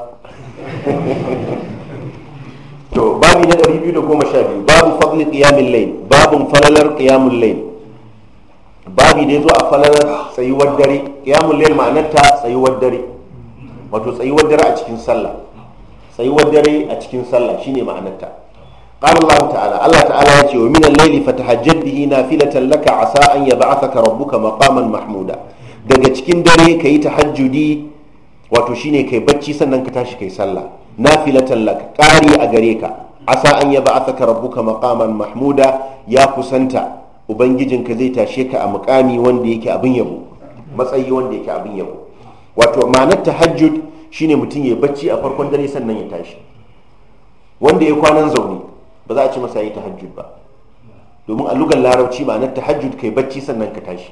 to babu na biyu babu fadli qiyamul layl babu falalar qiyamul layl babu da yazo a falalar tsayuwar dare qiyamul layl ma'anarta tsayuwar dare wato tsayuwar dare a cikin sallah tsayuwar dare a cikin sallah shine ma'anarta قال الله تعالى الله تعالى يأتي ومن الليل فتهجد به نافلة لك عسى أن يبعثك ربك مقاما محمودا daga cikin dare ka yi tahajjudi wato shine kai bacci sannan ka tashi kai sallah nafilatan lak ƙari a gare ka asa an yaba asaka rabbuka maqaman mahmuda ya kusanta ubangijinka zai tashe ka a mukami wanda yake abin yabo matsayi wanda yake abin yabo wato ma'anar ta hajjud shine mutum ya bacci a farkon dare sannan ya tashi wanda ya kwanan zaune ba za a ci masa yi yi hajjud ba domin a lugar larabci ma'anar ta hajjud kai bacci sannan ka tashi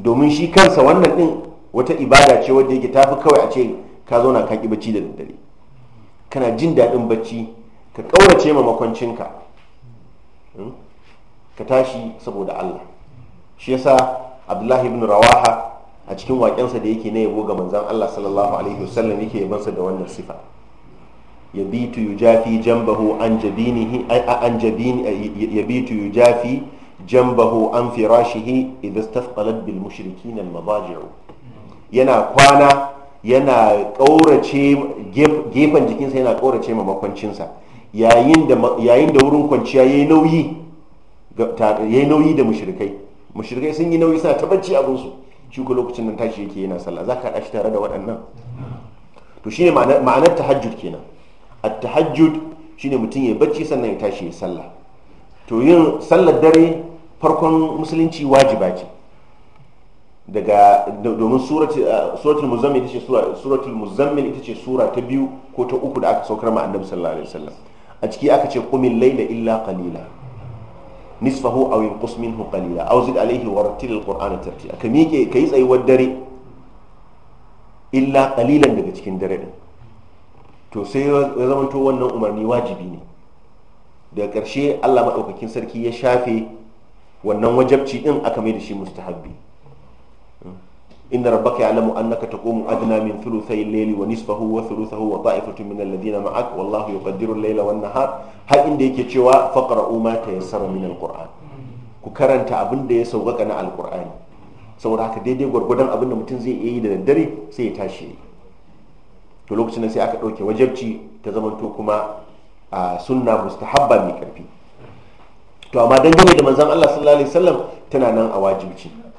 domin shi kansa wannan din wata ibada ce wadda yake tafi kawai a ce ka zauna ka ki bacci da daddare kana jin daɗin bacci ka ƙaurace ma makwancinka hmm? ka tashi saboda Allah shi yasa Abdullahi ibn Rawaha a cikin waƙensa da yake na yabo ga manzon Allah sallallahu alaihi wasallam yake yabansa da wannan sifa yabitu yujafi jambahu an jabinihi an jabini yabitu yujafi jambahu an firashihi idza bil mushrikin al yana kwana yana ƙaurace gefen jikinsa yana ƙaurace ma makwancinsa yayin da wurin kwanciya ya yi nauyi da mushrikai mushrikai sun yi nauyi suna tabbaci abinsu shi ko lokacin nan tashi yake yana sallah za ka haɗa shi tare da waɗannan to shine ma'anar tahajjud kenan a tahajjud shine mutum ya bacci sannan ya tashi ya sallah to yin sallar dare farkon musulunci wajiba ce daga domin uh, suratul muzammil ita suratul muzammil ita ce sura ta biyu ko ta uku da aka saukar ma annabi sallallahu alaihi wasallam a ciki aka ce qumil layla illa qalila nisfahu aw inqus minhu qalila aw zid alayhi warattil alqur'ana tartila ka miƙe kai tsayuwar dare illa qalilan daga cikin dare din to sai ya zamanto wannan umarni wajibi ne daga karshe Allah maɗaukakin sarki ya shafe wannan wajabci din aka mai da shi mustahabbi إن ربك يعلم أنك تقوم أدنى من ثلثي الليل ونصفه وثلثه وطائفة من الذين معك والله يقدر الليل والنهار هل إن ديك تشوى فقرأوا ما تيسر من القرآن كُكَرَنْتَ أبن دي سوغك أنا القرآن saboda haka daidai gwargwadon abin da mutum zai iya yi da daddare sai ya tashi to lokacin sai aka ɗauke wajabci ta zamanto kuma a sunna mustahabba mai karfi to amma dangane da manzan Allah sallallahu alaihi tana nan a wajibci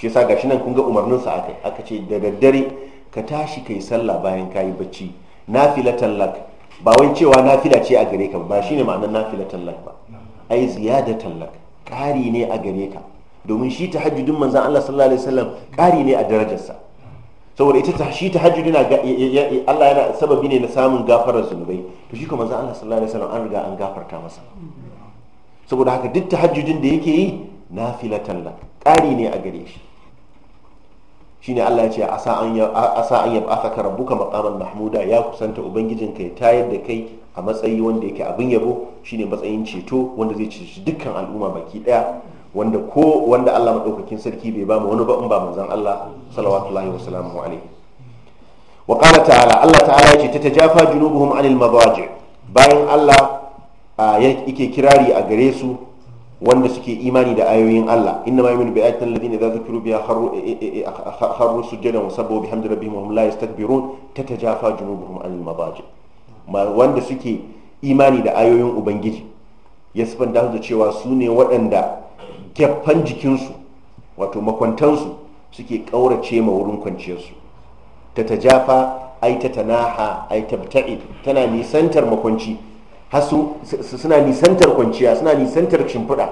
shi yasa gashi nan kun ga umarnin sa aka aka ce da daddare ka tashi kai sallah bayan kayi bacci nafilatan lak ba wai cewa nafila ce a gare ka ba shine ma'anar nafilatan lak ba ai ziyadatan lak ƙari ne a gare ka domin shi tahajjudin manzon Allah sallallahu alaihi wasallam ƙari ne a darajarsa saboda ita ta shi tahajjudin na Allah yana sababi ne na samun gafarar zunubai to shi kuma manzon Allah sallallahu alaihi wasallam an riga an gafarta masa saboda haka duk tahajjudin da yake yi nafilatan lak ƙari ne a gare shi shine Allah ya ce asa an ya asa an yab'athaka rabbuka maqaman mahmuda ya kusanta ubangijinka ya tayar da kai a matsayi wanda yake abin yabo shine matsayin ceto wanda zai ceci dukkan al'umma baki daya wanda ko wanda Allah madaukakin sarki bai ba mu wani ba in ba manzon Allah sallallahu alaihi alaihi wa qala ta'ala Allah ta'ala yace tatajafa junubuhum anil madaji bayan Allah yake kirari a gare su wanda suke imani da ayoyin Allah inna ma yu'minu bi ayatin alladhina idza dhukiru biha kharru eh, eh, eh, kharru sujadan wa sabbu bihamdi rabbihim wa hum la yastakbirun tatajafa junubuhum al madaji wanda suke imani da ayoyin ubangiji ya da cewa su ne waɗanda gyaffan jikinsu wato makwantansu suke ƙaurace ma wurin kwanciyarsu tatajafa ai tatanaha ai tabta'id tana nisantar makwanci hasu suna nisantar kwanciya suna nisantar shimfiɗa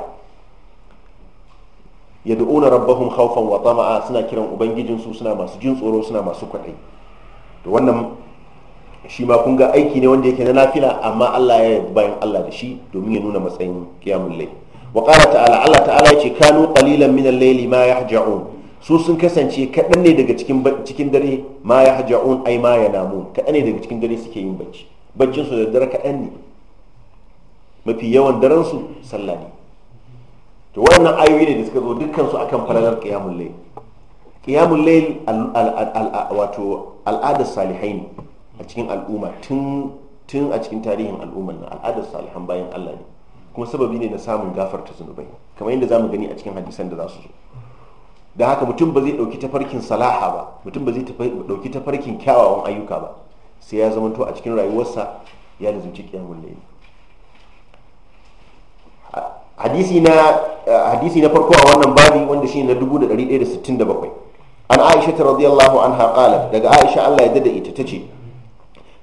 ya da'una rabbahum khawfan wa tama'a suna kiran ubangijinsu suna masu jin tsoro suna masu kwaɗayi to wannan shi ma kun ga aiki ne wanda yake na nafila amma Allah ya yabi bayan Allah da shi domin ya nuna matsayin qiyamul layl wa qala ta'ala Allah ta'ala yace kanu qalilan min al-layli ma yahja'un su sun kasance kaɗan ne daga cikin dare ma ya haja'un ai ma ya namu kaɗan ne daga cikin dare suke yin bacci baccin su da dare kaɗan ne mafi yawan daransu su sallah ne to wannan ayoyi ne da suka zo dukkan akan falalar qiyamul layl qiyamul layl wato al'adar salihai ne a cikin al'umma tun tun a cikin tarihin al'ummar nan al'adar salihan bayan Allah ne kuma sababi ne na samun gafarta zunubai kamar yadda zamu gani a cikin hadisan da za su zo da haka mutum ba zai dauki tafarkin salaha ba mutum ba zai dauki tafarkin kyawawan ayyuka ba sai ya zamanto a cikin rayuwarsa ya lazumci qiyamul layl hadisi na eh, hadisi na farko a wannan babi wanda shine na 1167 an Aisha radiyallahu anha qalat daga Aisha Allah ya dada ita ta ce.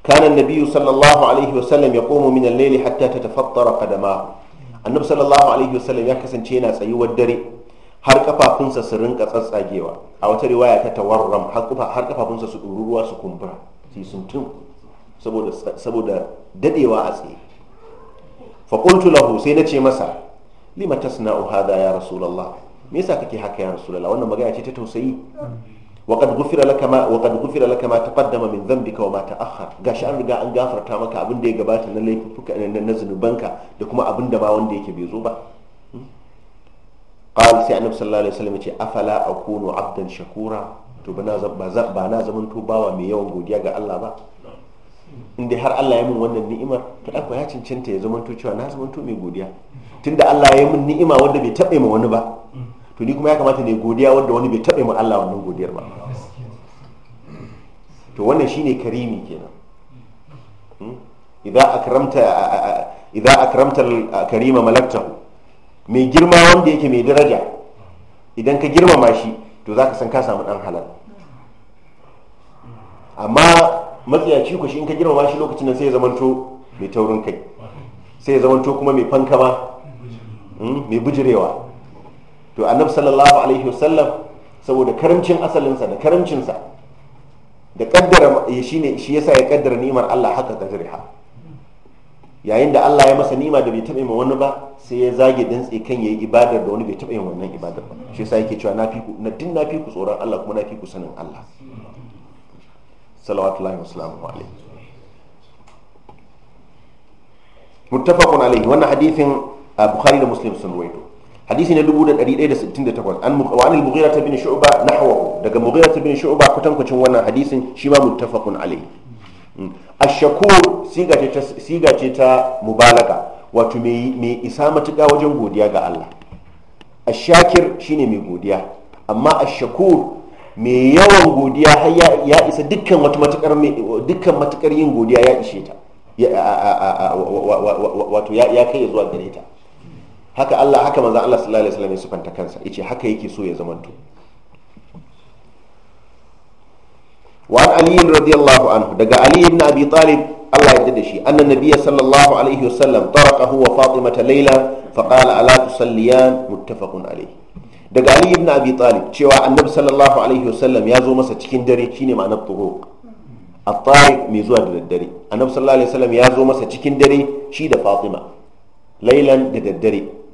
an-nabiy sallallahu alaihi wasallam yaqumu min al-layl hatta tatafattara qadamahu annabi sallallahu alaihi wasallam ya kasance yana tsayuwar dare har kafafunsa su rinka tsatsagewa a wata riwaya ta tawarram har kafafunsa su ɗururuwa su kumbura sai sun tun saboda dadewa a tsaye fa qultu lahu sai nace masa lima na hadha ya rasulullah me yasa kake haka ya rasulullah wannan magana ce ta tausayi wa qad ghufira laka ma wa qad ghufira laka ma taqaddama min dhanbika wa ma ta'akhkhar gashi an riga an gafarta maka abin da ya gabata na laifuka na zunubanka da kuma abin da ba wanda yake bai zo ba hmm? qala sai annabi sallallahu alaihi wasallam ce afala akunu abdan shakura to ba na zaman to bawa mai yawan godiya ga Allah ba Inde har Allah ya min wannan ni'imar to ya cancanta ya zamanto cewa na to mai godiya tunda Allah ya yi min ni'ima wanda bai taɓa ma wani ba to ni kuma ya kamata ne godiya wanda wani bai taɓa ma Allah wannan godiyar ba to wannan shine karimi kenan hmm? Idan akramta idan akramta karima malakta mai girma wanda yake mai daraja idan ka girmama shi to zaka san ka samu dan halal amma matsiyaci ku shi in ka girmama shi lokacin nan sai ya zamanto mai taurin kai sai ya zamanto kuma mai fankama Hmm? mai bijirewa to annab sallallahu alaihi wasallam saboda karamcin asalinsa da karamcinsa da kaddara shi ne shi yasa ya kaddara nimar Allah haka jiriha yayin da Allah ya masa nima da bai taɓa yin wani ba sai ya zage dantse kan yayi ibadar da wani bai taɓa yin wannan ibadar ba shi yasa yake cewa na fi ku na din na fi ku tsoron Allah kuma na fi ku sanin Allah sallallahu alaihi wasallam muttafaqun alaihi wannan hadisin bukhari da muslim sun ruwaito hadisi na 1168 an wa anil mughira bin shu'ba nahwahu daga mughira bin shu'ba kutankucin wannan hadisin shi ma muttafaqun alayh ash-shakur siga ce ta mubalaga wato mai isa matuƙa wajen godiya ga Allah Ashakir shakir shine mai godiya amma ash-shakur mai yawan godiya har ya isa dukkan matukar yin godiya ya ishe ta wato ya kai ya zuwa gareta. haka Allah haka manzon Allah sallallahu alaihi wasallam ya sifanta kansa yace haka yake so ya zamanto wa an ali radiyallahu anhu daga ali ibn abi talib Allah ya da shi anna nabiyya sallallahu alaihi wasallam taraqahu wa fatimata layla fa qala ala tusalliyan muttafaqun alaihi daga ali ibn abi talib cewa annabi sallallahu alaihi wasallam ya zo masa cikin dare shine ma'anar turuq at-tariq mai zuwa da daddare annabi sallallahu alaihi wasallam ya zo masa cikin dare shi da fatima lailan da daddare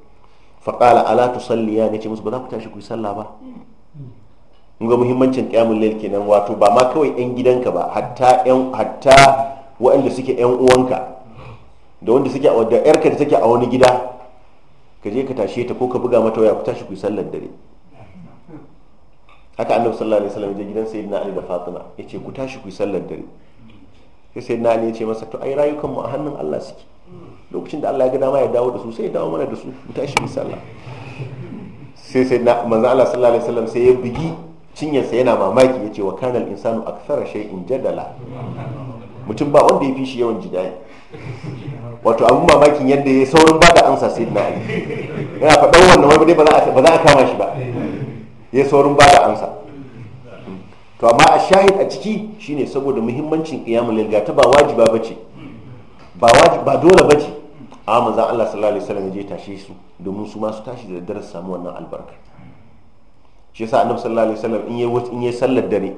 faƙala ala Salliya ne ce musu ba za ku tashi ku yi sallah ba ga muhimmancin ƙyamun lail kenan wato ba ma kawai 'yan gidanka ba hatta waɗanda suke 'yan uwanka da wanda suke da yarka da take a wani gida ka je ka tashe ta ko ka buga mata waya ku tashi ku yi sallar dare haka annabi sallallahu alaihi wasallam ya gidan sayyidina ali da fatima yace ku tashi ku yi sallar dare sai sayyidina ali ya ce masa to ai rayukan mu a hannun Allah suke lokacin da Allah ya ga dama ya dawo da su sai ya dawo mana da su mu tashi mu sallah sai sai na manzo Allah sallallahu alaihi wasallam sai ya bugi sa yana mamaki ya ce wa kana al-insanu akthara shay'in jadala mutum ba wanda ya fi shi yawan jidai wato abun mamakin yadda ya saurin ba da ansa sai na yana faɗan wannan wani ba za a kama shi ba ya saurin ba da ansa to amma a shahid a ciki shine saboda muhimmancin qiyamul lail ga ta ba wajiba bace ba ba dole bace a manzan Allah sallallahu alaihi wasallam je tashe su domin su ma su tashi da daddare su samu wannan albarka shi yasa annabi sallallahu alaihi wasallam in yayi in yayi sallar dare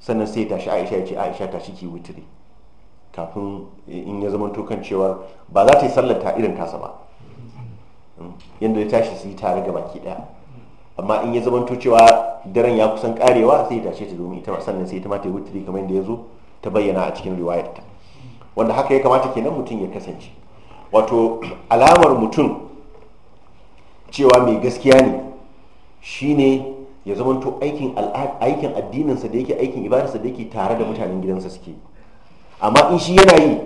sannan sai tashi Aisha ya ce Aisha ta ki wutiri kafin in ya zama kan cewa ba za ta yi sallar ta irin tasa ba mm. Yanda ya tashi su yi tare ga baki daya amma in ya zama to cewa daren ya kusan karewa sai ya tashe ta domin ita sannan sai ita ma ta yi wutiri kamar yadda ya zo ta bayyana a cikin riwayarta wanda haka ya kamata kenan mutum ya kasance wato alamar mutum cewa mai gaskiya ne shine ya zama aikin aikin addininsa da yake aikin ibadarsa da yake tare da mutanen gidansa suke amma in shi yana yi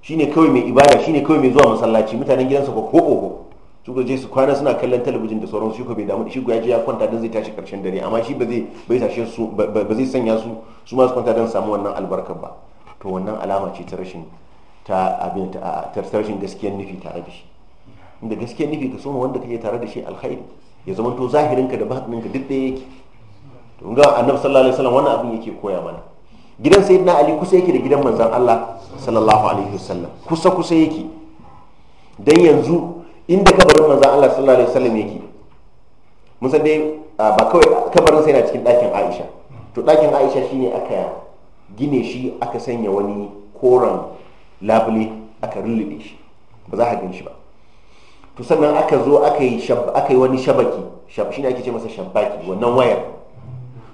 shine kawai mai ibada shine kawai mai zuwa masallaci mutanen gidansa ko ko su je su kwana suna kallon talabijin da sauran shi ko bai damu shi ya je ya kwanta dan zai tashi karshen dare amma shi ba zai bai su ba zai sanya su su ma su kwanta dan samu wannan albarkar ba to wannan alama ce ta rashin ta abin ta tarsashin gaskiyar nufi tare da shi inda gaskiyar nufi ka soma wanda kake tare da shi alkhairi ya zama to zahirinka da ka duk ɗaya yake to ga annabi sallallahu alaihi wasallam wannan abin yake koya mana gidan sayyidina ali kusa yake da gidan manzon Allah sallallahu alaihi wasallam kusa kusa yake dan yanzu inda kabarin manzon Allah sallallahu alaihi wasallam yake mun san dai ba kawai kabarin sai yana cikin ɗakin Aisha to ɗakin Aisha shine aka gine shi aka sanya wani koran labule aka rullube shi ba za a gan shi ba to sannan aka zo aka yi aka yi wani shabaki shi ne ake ce masa shabaki wannan wayar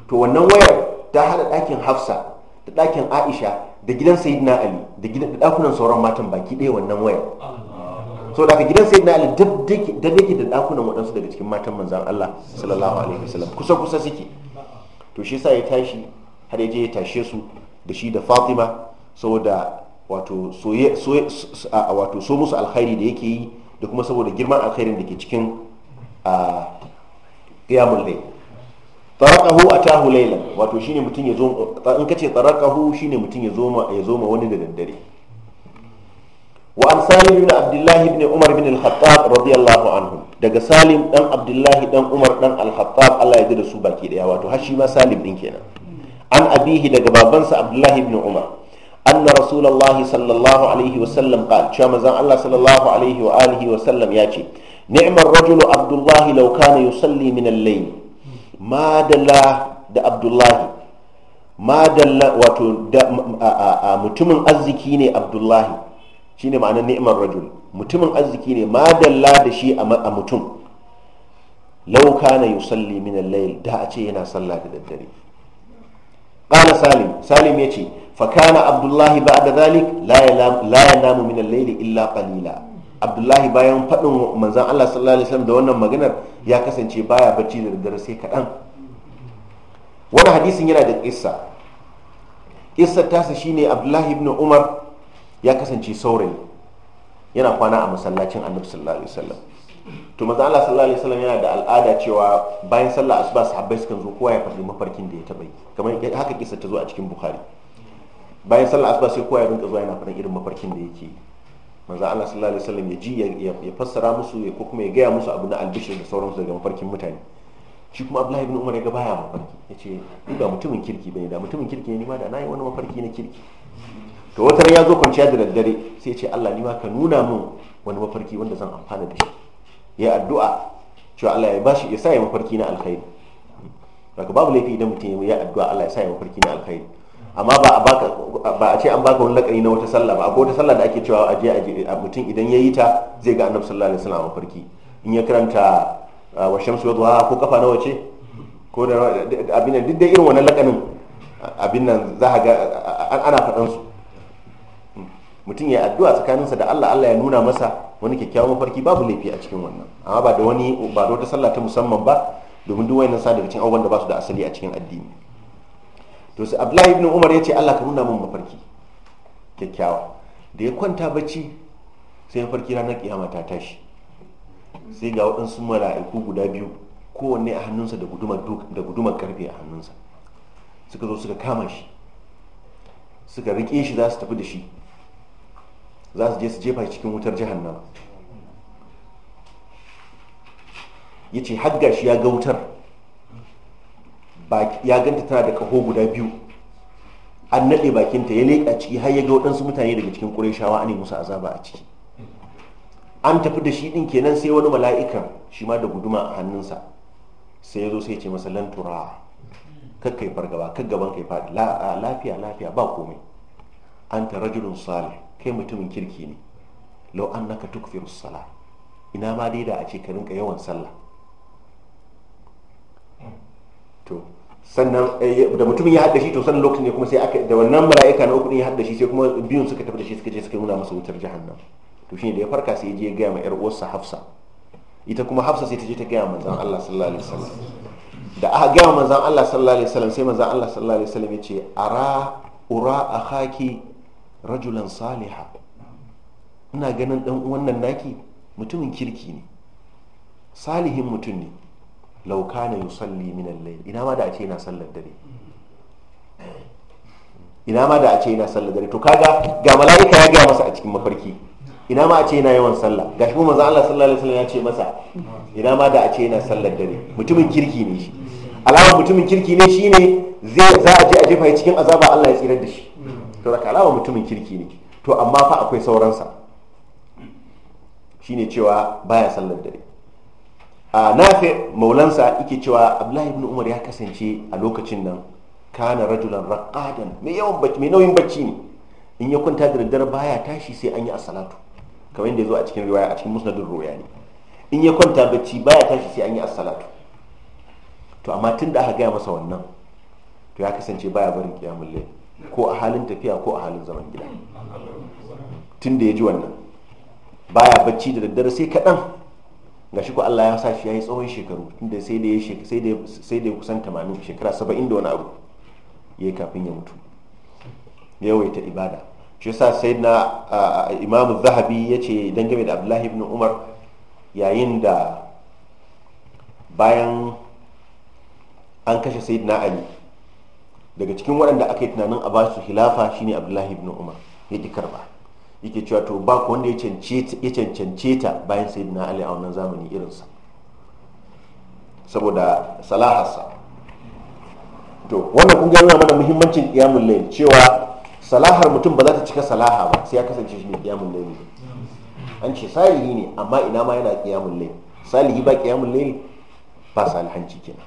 to wannan wayar ta hada ɗakin hafsa da ɗakin aisha da gidan sayyidina ali da ɗakunan sauran matan baki ɗaya wannan wayar so da gidan sayyidina ali da yake da ɗakunan waɗansu daga cikin matan manzan allah sallallahu alaihi wasallam kusa kusa suke to shi sa ya tashi har ya je ya tashe su da shi da fatima saboda wato so musu alkhairi da yake yi da kuma saboda girman alkhairin da ke cikin qiyamul layl tarakahu atahu laylan wato shine mutum ya zo in kace tarakahu shine mutum ya zo ma ya zo wani da daddare wa an salim ibn abdullah ibn umar ibn al-khattab radiyallahu anhu daga salim dan abdullahi dan umar dan al-khattab Allah ya ji da su baki daya wato har shi ma salim din kenan an abihi daga babansa abdullahi ibn umar anna rasulullahi sallallahu alaihi wasallam qal cewa manzon Allah sallallahu alaihi wa alihi ya ce ni'mar rajulu abdullahi law kana yusalli min al-layl madalla da abdullahi madalla wato mutumin arziki ne abdullahi shine ma'ana ni'mar rajul mutumin arziki ne madalla da shi a mutum law kana yusalli min al da a ce yana sallah da daddare qala salim salim فكان عبد الله بعد ذلك لا ينام لا ينام من الليل الا قليلا عبد الله bayan fadin الله صلى الله عليه وسلم da wannan maganar ya kasance baya bacci da daddare sai kadan wannan hadisin yana da kissa kissa sa shine Abdullahi ibn Umar ya kasance saurayi yana kwana a masallacin Annabi sallallahu alaihi wasallam to manzan Allah sallallahu alaihi wasallam yana da al'ada cewa bayan sallah asuba sahabbai sukan zo kowa ya faɗi mafarkin da ya taɓa yi kamar haka kissa ta zo a cikin Bukhari bayan sallar asuba sai kowa ya rinka zuwa yana faɗin irin mafarkin da yake manzo Allah sallallahu alaihi wasallam ya ji ya fassara musu ya ko kuma ya gaya musu abu na albishir da sauransu daga mafarkin mutane shi kuma Abdullahi ibn Umar ya ga baya mafarki yace ni ba mutumin kirki bane da mutumin kirki ne ni ma da nayi wani mafarki na kirki to wata ya zo kwanciya da daddare sai ya ce Allah ni ma ka nuna min wani mafarki wanda zan amfana da shi ya addu'a cewa Allah ya bashi ya sa ya mafarki na alkhairi daga babu laifi idan mutum ya addu'a Allah ya sa ya mafarki na alkhairi amma ba a baka ba a ce an baka wani lakani na wata sallah ba akwai wata sallah da ake cewa aje aje mutum idan ya yi ta zai ga annabi sallallahu alaihi wasallam farki in ya karanta ah, wa shamsu wa duha ko kafa nawa ce ko da abin nan duk dai irin wannan lakarin abin nan za ga ana faɗan su mutum ya addu'a tsakaninsa da Allah Allah ya nuna masa wani kyakkyawan mafarki babu laifi a cikin wannan amma ba da wani ba da wata sallah ta musamman ba domin duk wayannan sa daga cikin abubuwan da ba su da asali a cikin addini to sai abdullahi ibn umar ya ce allah ka nuna min mafarki kyakkyawa da ya kwanta bacci sai mafarki ranar kiyama ta tashi sai ga waɗansu mala'iku guda biyu kowanne a hannunsa da gudumar karfe a hannunsa suka zo suka kama shi suka rike shi za su tafi da shi za su je su jefa shi cikin wutar jahannama ya ce hagga shi ya ga wutar ya ganta tana da kaho guda biyu an naɗe bakinta ya leƙa ciki har ya ga waɗansu mutane daga cikin an ne musu azaba a ciki an tafi da shi ɗin kenan sai wani mala'ikan shi ma da guduma a hannunsa sai ya zo sai ce masa lantura kakkai fargaba gaban kai faɗi lafiya lafiya ba komai an ta rajulun salih kai mutumin kirki ne lau an naka tukfiru sala ina ma dai da a ce ka rinka yawan sallah to sannan eh, da mutumin ya haddashi to sannan lokacin ne kuma sai aka da wannan mala'ika na uku din ya haddashi sai kuma biyun suka tafi da shi suka je suka nuna masa wutar jahannam to shine da ya farka sai ya je ya gaya ma yar uwarsa Hafsa ita kuma Hafsa sai ta je ta gaya manzon Allah sallallahu alaihi wasallam da aka gaya manzon Allah sallallahu alaihi wasallam sai manzon Allah sallallahu alaihi wasallam ya ce ara ura akhaki rajulan saliha ina ganin dan wannan naki mutumin kirki ne salihin mutum ne lauka na yusalli min al-layl ina ma da a ce yana sallar dare ina ma da a ce yana sallar dare to kaga ga mala'ika ya ga masa a cikin mafarki ina ma a ce yana yawan sallah gashi kuma manzo Allah sallallahu alaihi wasallam ya ce masa ina ma da a ce yana sallar dare mutumin kirki ne shi alama mutumin kirki ne shi ne zai za a je a jefa cikin azaba Allah ya tsirar da shi to da alama mutumin kirki ne to amma fa akwai sauransa shine cewa baya sallar dare a nafi maulansa yake cewa abdullahi ibn umar ya kasance a lokacin nan kana rajulan raqadan mai yawan bacci mai nauyin bacci ne in ya kwanta da daddare baya tashi sai an yi asalatu kamar yadda ya zo a cikin riwaya a cikin musnadin ruwaya ne in ya kwanta bacci baya tashi sai an yi asalatu to amma tun da aka gaya masa wannan to ya kasance baya barin kiyamul layl ko a halin tafiya ko a halin zaman gida tun da ya ji wannan baya bacci da daddare sai kaɗan ga shi ko Allah ya sa shi ya yi tsawon shekaru tunda sai da ya kusan tamanin shekara saba'in da wani abu ya yi kafin ya mutu yawaita ibada shi yasa sai na imamu zahabi ya ce game da abdullahi ibn umar yayin da bayan an kashe sayyidina ali daga cikin waɗanda aka yi tunanin a ba su hilafa shine abdullahi ibn umar ya ƙi karba yake cewa to ba ku wanda ya cancance ta bayan na ali a wannan zamani irinsa saboda salahasa to wannan kun gano mana muhimmancin kiyamun layin cewa salahar mutum ba za ta cika salaha ba sai ya kasance shi ne qiyamul ne. an ce salihi ne amma ina ma yana kiyamun layin. salihi ba kiyamun layin ba salihanci kenan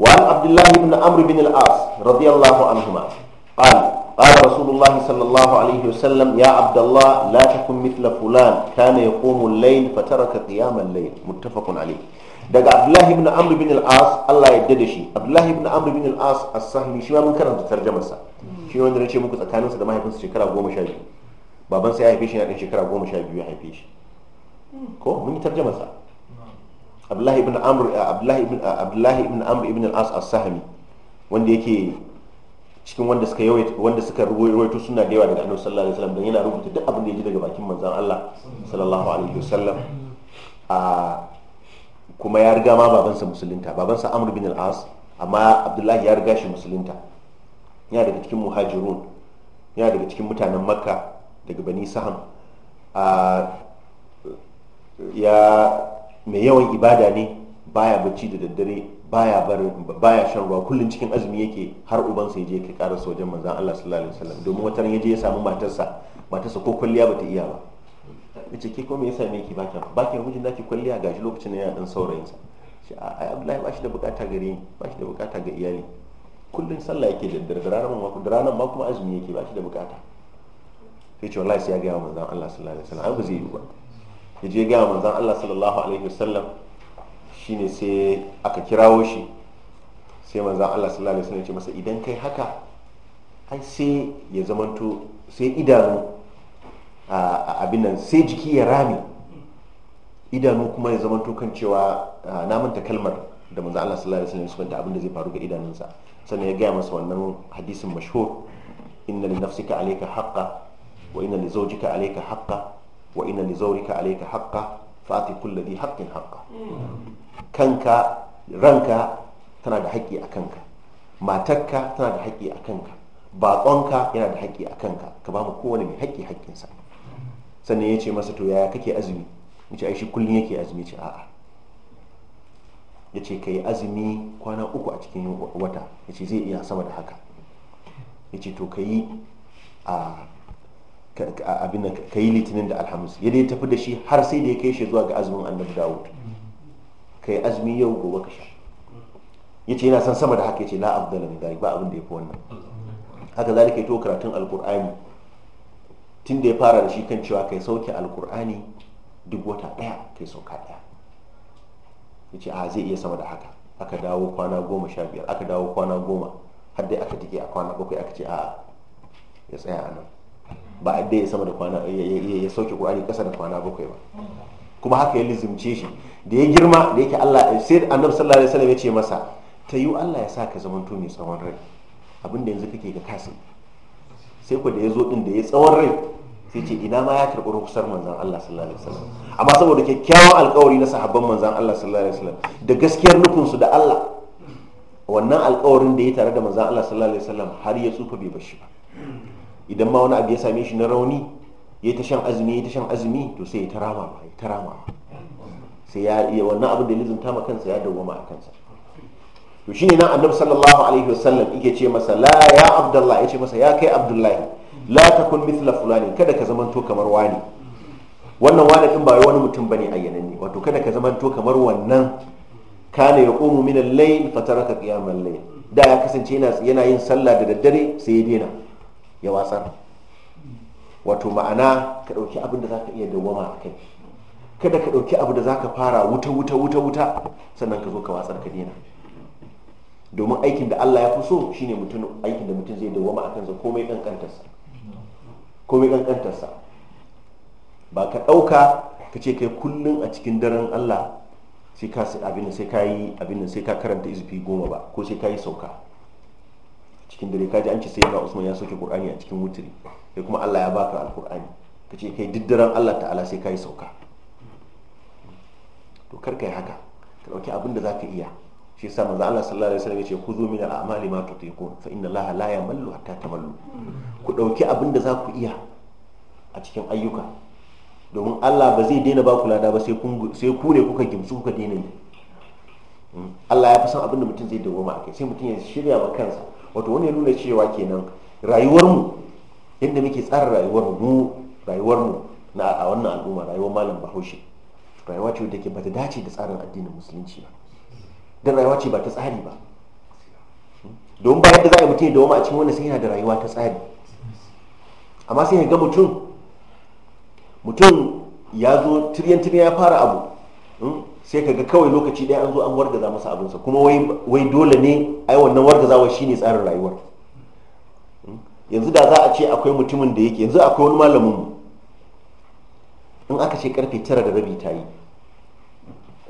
'an Abdullahi الله بن bin Al-As radiyallahu anhu ma qala قال رسول الله صلى الله عليه وسلم يا عبد الله لا تكن مثل فلان كان يقوم الليل فترك قيام الليل متفق عليه daga abdullahi ibn amr bin al-as Allah ya yarda da shi abdullahi ibn amr bin al-as as-sahmi shi ma mun karanta tarjumar sa shi wanda nace muku tsakanin sa da mahaifinsa shekara 12 baban sa ya haife shi na dan shekara 12 ya haife shi ko mun yi sa abdullahi ibn amr abdullahi ibn abdullahi ibn amr ibn al-as as-sahmi wanda yake cikin wanda suka yawaita wanda suka ruwaito suna da yawa daga annabi sallallahu alaihi wasallam dan yana rubuta duk abin da ya ji daga bakin manzon Allah sallallahu alaihi wasallam a kuma ya riga ma babansa musulunta babansa Amr bin al-As amma Abdullahi ya riga shi musulunta yana daga cikin muhajirun yana daga cikin mutanen Makka daga Bani Saham a ya mai yawan ibada ne baya bacci da daddare baya barin baya shan ruwa kullun cikin azumi yake har ubansa ya je kai karar sojan manzon Allah sallallahu alaihi wasallam domin wata ran yaje ya samu matarsa matarsa ko kwalliya bata iya ba yace ke ko me yasa me yake baki baki mijin ke kulliya gashi lokacin da ya dan saurayin sa shi ai Abdullahi ba shi da bukata gare ni ba shi da bukata ga iyali kullun sallah yake da da ranar ma da ranar ma kuma azumi yake ba shi da bukata sai ce wallahi sai ya ga manzon Allah sallallahu alaihi wasallam ai ba zai yi ba yaje ga manzon Allah sallallahu alaihi wasallam shine sai aka kirawo shi sai manzan Allah sallallahu alaihi wasallam ce masa idan kai haka ai sai ya zamanto sai idanu a abin nan sai jiki ya rame idanu kuma ya zamanto kan cewa na manta kalmar da manzan Allah sallallahu alaihi wasallam suka abin da zai faru ga idanunsa sannan ya gaya masa wannan hadisin mashhur inna li nafsika alayka haqqan wa inna li zawjika alayka haqqan wa inna li zawrika alayka haqqan Fati, kulli dhi haqqin haqqan hmm. kanka ranka tana da haƙƙi a kanka matarka tana da haƙƙi a kanka baƙonka yana da haƙƙi a kanka ka ba mu kowane mai haƙƙi haƙƙinsa sannan ya ce masa to yaya kake azumi ya ce ai shi kullum yake azumi ce a'a ya ce ka yi azumi kwana uku a cikin wata ya ce zai iya sama da haka ya ce to ka yi a abin litinin da alhamis ya dai tafi da shi har sai da ya kai shi zuwa ga azumin annabi dawud ka yi azumi yau gobe ka sha ya ce yana son sama da haka ya ce la abdala min zalik ba abin da ya fi wannan haka za ka yi to karatun alkur'ani tun da ya fara da shi kan cewa ka yi sauke alkur'ani duk wata ɗaya yi sauka ɗaya ya ce a zai iya sama da haka aka dawo kwana goma sha biyar aka dawo kwana goma har dai aka tike a kwana bakwai aka ce a ya tsaya a nan ba a dai ya sama da kwana ya sauke ƙur'ani ƙasa da kwana bakwai ba kuma haka ya lizimce shi da ya girma da yake Allah sai annabi sallallahu alaihi wasallam ya ce masa ta yi Allah ya sa ka to mai tsawon rai abin da yanzu kake ga kasi sai ku da ya zo din da ya tsawon rai sai ce ina ma ya karɓi rukusar manzan Allah sallallahu alaihi wasallam amma saboda kyakkyawan alƙawari na sahabban manzan Allah sallallahu alaihi wasallam da gaskiyar nufinsu da Allah wannan alƙawarin da ya tare da manzan Allah sallallahu alaihi wasallam har ya tsufa bai bashi ba idan ma wani abu ya same shi na rauni ya ta shan azumi ya ta shan azumi to sai ya ta rama ba ya ta rama ba sai ya iya wannan abin da lizinta ma kansa ya dawwama a kansa to ne nan annabi sallallahu alaihi wasallam yake ce masa la ya ya ce masa ya kai abdullahi la takun mithla fulani kada ka zamanto kamar wani wannan wani din ba wani mutum bane ayyananne wato kada ka zamanto kamar wannan kana yaqumu min al-layl ka qiyam al-layl da ya kasance yana yin sallah da daddare sai ya daina ya watsar wato ma'ana ka ɗauki abin da za ka iya dawama a kai kada ka ɗauki abin da za ka fara wuta wuta wuta wuta sannan ka zo ka watsar ka dena. domin aikin da Allah ya fi so shine mutum aikin da mutum zai dawama a kansa komai kankantarsa komai kankantarsa ba ka ɗauka ka ce kai kullum a cikin daren Allah sai ka abin sai ka yi abin sai ka karanta izufi goma ba ko sai ka yi sauka cikin dare ka ji an ce sai na Usman ya soke Qur'ani a cikin wutiri kai kuma Allah ya baka alkur'ani ka ce kai diddiran Allah ta'ala sai ka yi sauka to kar ka yi haka ka ɗauki abin da za ka iya shi yasa manzo Allah sallallahu alaihi wasallam ce kuzo min al-a'mali ma tutiqun fa inna Allah la yamallu hatta tamallu ku dauki abin da za ku iya a cikin ayyuka domin Allah ba zai daina ba ku lada ba sai kun sai ku ne kuka gimsu kuka daina ne hmm. Allah ya fi san abin da mutum zai dawo a kai sai mutum ya shirya ma kansa wato wani ya nuna cewa kenan rayuwar mu inda muke tsara rayuwar mu rayuwar mu na a wannan al'umma rayuwar malam bahaushe rayuwa ce da ke bata dace da tsarin addinin musulunci ba don rayuwa ce ba ta tsari ba don bayan da za a mutum da wama a cikin wanda sai yana da rayuwa ta tsari amma sai ya ga mutum mutum ya zo tiryan tiryan ya fara abu hmm, sai ka ga kawai lokaci ɗaya an zo an wargaza masa abinsa kuma wai dole ne ai wannan wargazawar shine tsarin rayuwar yanzu da za a ce akwai mutumin da yake yanzu akwai wani malamin in aka ce karfe tara da rabi ta yi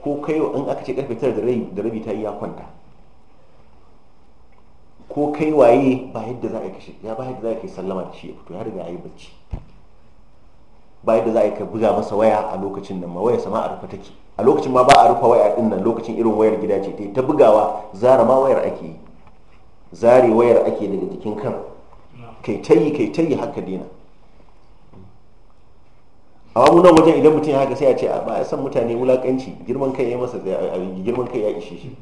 ko kai in aka ce karfe tara da rabi ta yi ya kwanta ko kai waye ba yadda za a kashe ya ba yadda za a yi sallama da shi ya fito ya riga ya yi bacci ba yadda za a ka buga masa waya a lokacin nan ma waya sama a rufe take a lokacin ma ba a rufe waya din nan lokacin irin wayar gida ce ta bugawa zara ma wayar ake yi zare wayar ake daga jikin kan kai ta yi kai ta yi haka dina a wani nan wajen idan mutum ya haka sai a ce ba a san mutane wulakanci girman kai ya masa girman kai ya ishe shi